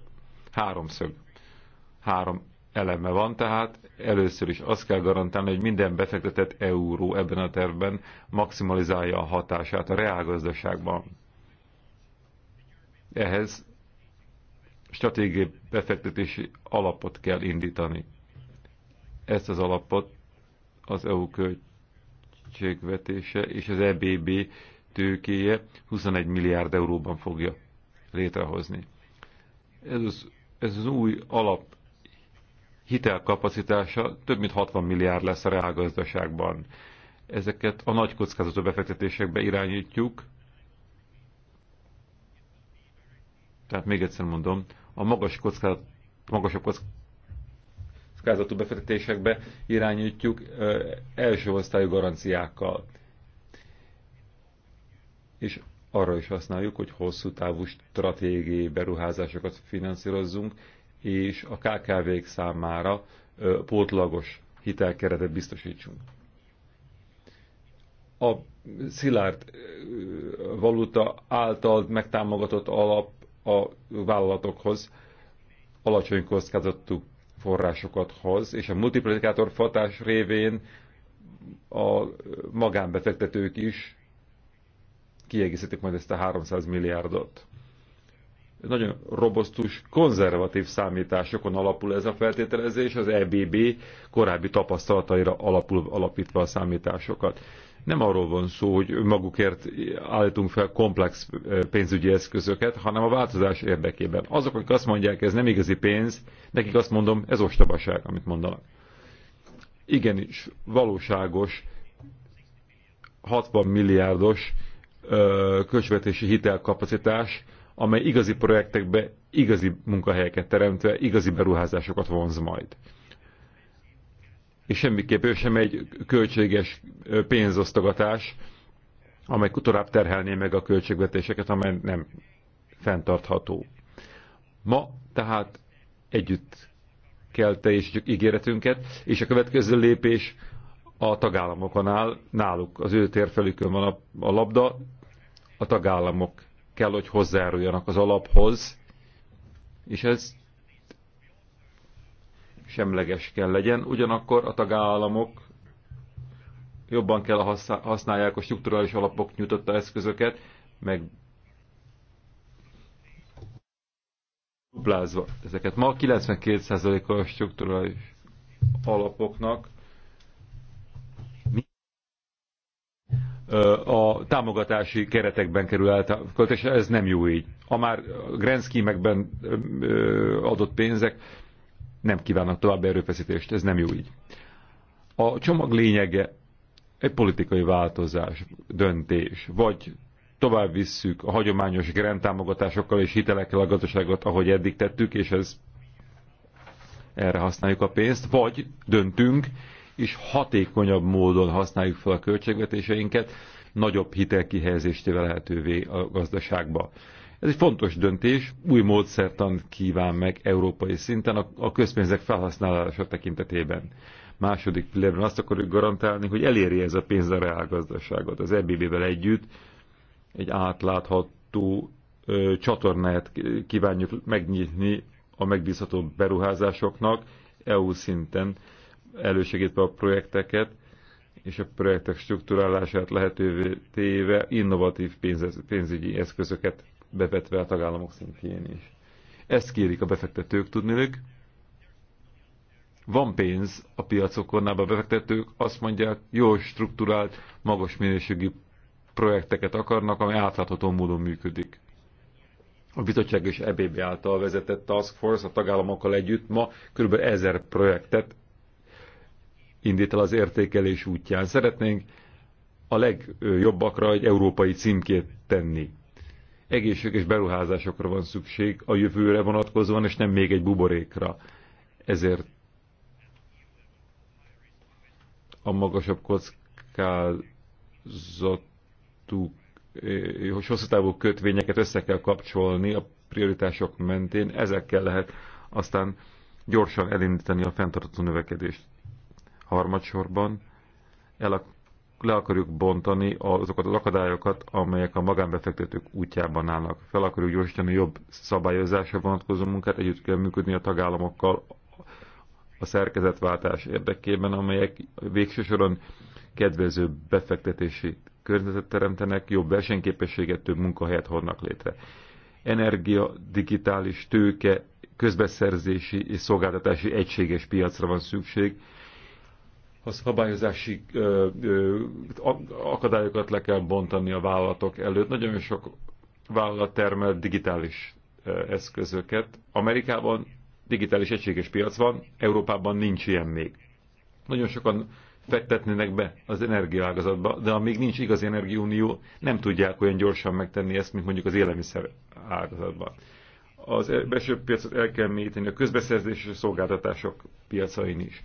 háromszög, három eleme van, tehát először is azt kell garantálni, hogy minden befektetett euró ebben a tervben maximalizálja a hatását a reálgazdaságban. Ehhez stratégiai befektetési alapot kell indítani. Ezt az alapot az EU költségvetése és az EBB tőkéje 21 milliárd euróban fogja létrehozni. Ez az, ez az új alap hitelkapacitása több mint 60 milliárd lesz a reálgazdaságban. Ezeket a nagy kockázatú befektetésekbe irányítjuk. Tehát még egyszer mondom, a magas kockázat, magasabb kockázatú befektetésekbe irányítjuk első osztályú garanciákkal. És arra is használjuk, hogy hosszú távú stratégiai beruházásokat finanszírozzunk, és a KKV-k számára pótlagos hitelkeretet biztosítsunk. A szilárd valuta által megtámogatott alap a vállalatokhoz alacsony kockázatú forrásokat hoz, és a multiplikátor fatás révén a magánbefektetők is kiegészítik majd ezt a 300 milliárdot nagyon robosztus, konzervatív számításokon alapul ez a feltételezés, az EBB korábbi tapasztalataira alapul alapítva a számításokat. Nem arról van szó, hogy magukért állítunk fel komplex pénzügyi eszközöket, hanem a változás érdekében. Azok, akik azt mondják, ez nem igazi pénz, nekik azt mondom, ez ostobaság, amit mondanak. Igenis, valóságos, 60 milliárdos költségvetési hitelkapacitás, amely igazi projektekbe igazi munkahelyeket teremtve igazi beruházásokat vonz majd. És semmiképpen sem egy költséges pénzosztogatás, amely tovább terhelné meg a költségvetéseket, amely nem fenntartható. Ma tehát együtt kell teljesítjük ígéretünket, és a következő lépés a tagállamokon áll, náluk, az ő térfelükön van a labda, a tagállamok kell, hogy hozzáruljanak az alaphoz, és ez semleges kell legyen. Ugyanakkor a tagállamok jobban kell használják a strukturális alapok nyújtotta eszközöket, meg duplázva ezeket. Ma 92%-a a strukturális alapoknak a támogatási keretekben kerül elköltésre, ez nem jó így. A már grenzkímekben adott pénzek nem kívánnak további erőfeszítést, ez nem jó így. A csomag lényege egy politikai változás, döntés, vagy tovább visszük a hagyományos támogatásokkal és hitelekkel a gazdaságot, ahogy eddig tettük, és ez erre használjuk a pénzt, vagy döntünk, és hatékonyabb módon használjuk fel a költségvetéseinket, nagyobb hitelkihelyezést téve lehetővé a gazdaságba. Ez egy fontos döntés, új módszertan kíván meg európai szinten a, a közpénzek felhasználása tekintetében. Második pillérben azt akarjuk garantálni, hogy eléri ez a pénz a reálgazdaságot. Az EBB-vel együtt egy átlátható ö, csatornát kívánjuk megnyitni a megbízható beruházásoknak EU szinten elősegítve a projekteket, és a projektek struktúrálását lehetővé téve innovatív pénz, pénzügyi eszközöket bevetve a tagállamok szintjén is. Ezt kérik a befektetők, tudnilik. Van pénz a piacokon, a befektetők azt mondják, jó struktúrált, magas minőségű projekteket akarnak, ami átlátható módon működik. A bizottság és EBB által vezetett Task Force a tagállamokkal együtt ma kb. ezer projektet indít el az értékelés útján. Szeretnénk a legjobbakra egy európai címkét tenni. és beruházásokra van szükség a jövőre vonatkozóan, és nem még egy buborékra. Ezért a magasabb kockázatú hosszú távú kötvényeket össze kell kapcsolni a prioritások mentén, ezekkel lehet aztán gyorsan elindítani a fenntartható növekedést. Harmadsorban el, le akarjuk bontani azokat az akadályokat, amelyek a magánbefektetők útjában állnak. Fel akarjuk gyorsítani jobb szabályozásra vonatkozó munkát, együtt kell működni a tagállamokkal a szerkezetváltás érdekében, amelyek végső soron kedvező befektetési környezetet teremtenek, jobb versenyképességet, több munkahelyet hoznak létre. Energia, digitális tőke, közbeszerzési és szolgáltatási egységes piacra van szükség, a szabályozási ö, ö, akadályokat le kell bontani a vállalatok előtt. Nagyon sok vállalat termel digitális ö, eszközöket. Amerikában digitális egységes piac van, Európában nincs ilyen még. Nagyon sokan fektetnének be az energiaágazatba, de amíg nincs igazi energiaunió, nem tudják olyan gyorsan megtenni ezt, mint mondjuk az élelmiszer ágazatban. Az belső piacot el kell mélyíteni a közbeszerzés és a szolgáltatások piacain is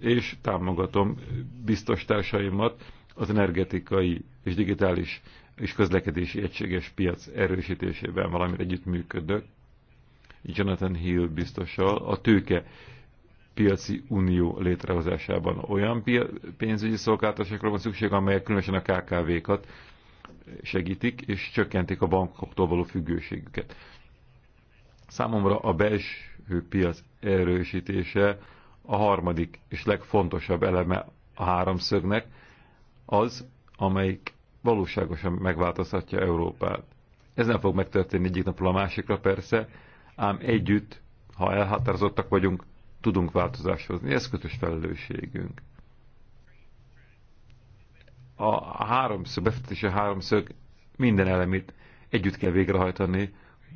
és támogatom biztos társaimat az energetikai és digitális és közlekedési egységes piac erősítésében, valamit együttműködök Jonathan Hill biztossal a tőke piaci unió létrehozásában. Olyan pénzügyi szolgáltatásokra van szükség, amelyek különösen a KKV-kat segítik, és csökkentik a bankoktól való függőségüket. Számomra a belső piac erősítése a harmadik és legfontosabb eleme a háromszögnek, az, amelyik valóságosan megváltoztatja Európát. Ez nem fog megtörténni egyik napról a másikra persze, ám együtt, ha elhatározottak vagyunk, tudunk változáshozni. Ez kötös felelősségünk. A háromszög, befektetése háromszög minden elemét együtt kell végrehajtani,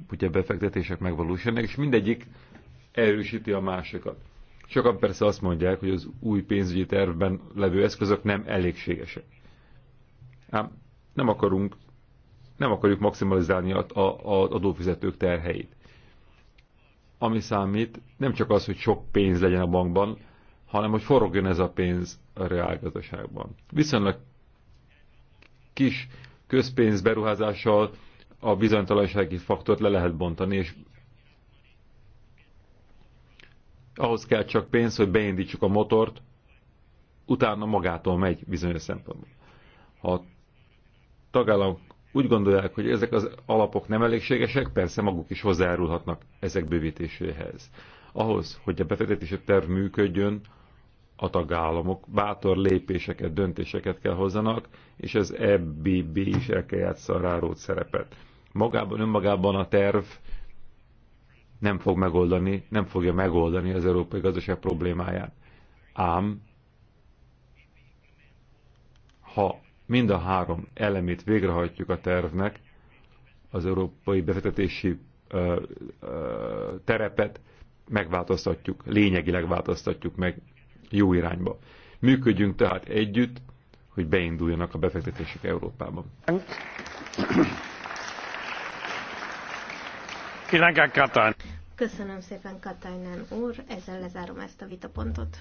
hogy a befektetések megvalósulnak, és mindegyik erősíti a másikat. Sokan persze azt mondják, hogy az új pénzügyi tervben levő eszközök nem elégségesek. Ám nem akarunk, nem akarjuk maximalizálni az adófizetők terheit. Ami számít, nem csak az, hogy sok pénz legyen a bankban, hanem hogy forogjon ez a pénz a reálgazdaságban. Viszonylag kis közpénz beruházással a bizonytalansági faktort le lehet bontani, és ahhoz kell csak pénz, hogy beindítsuk a motort, utána magától megy bizonyos szempontból. Ha a tagállamok úgy gondolják, hogy ezek az alapok nem elégségesek, persze maguk is hozzájárulhatnak ezek bővítéséhez. Ahhoz, hogy a befektetési terv működjön, a tagállamok bátor lépéseket, döntéseket kell hozzanak, és az EBB is el kell játsza a rárót szerepet. Magában, önmagában a terv nem fog megoldani, nem fogja megoldani az európai gazdaság problémáját. Ám, ha mind a három elemét végrehajtjuk a tervnek, az európai befektetési ö, ö, terepet megváltoztatjuk, lényegileg változtatjuk meg jó irányba. Működjünk tehát együtt, hogy beinduljanak a befektetések Európában. Köszönöm szépen, Katainen úr. Ezzel lezárom ezt a vitapontot.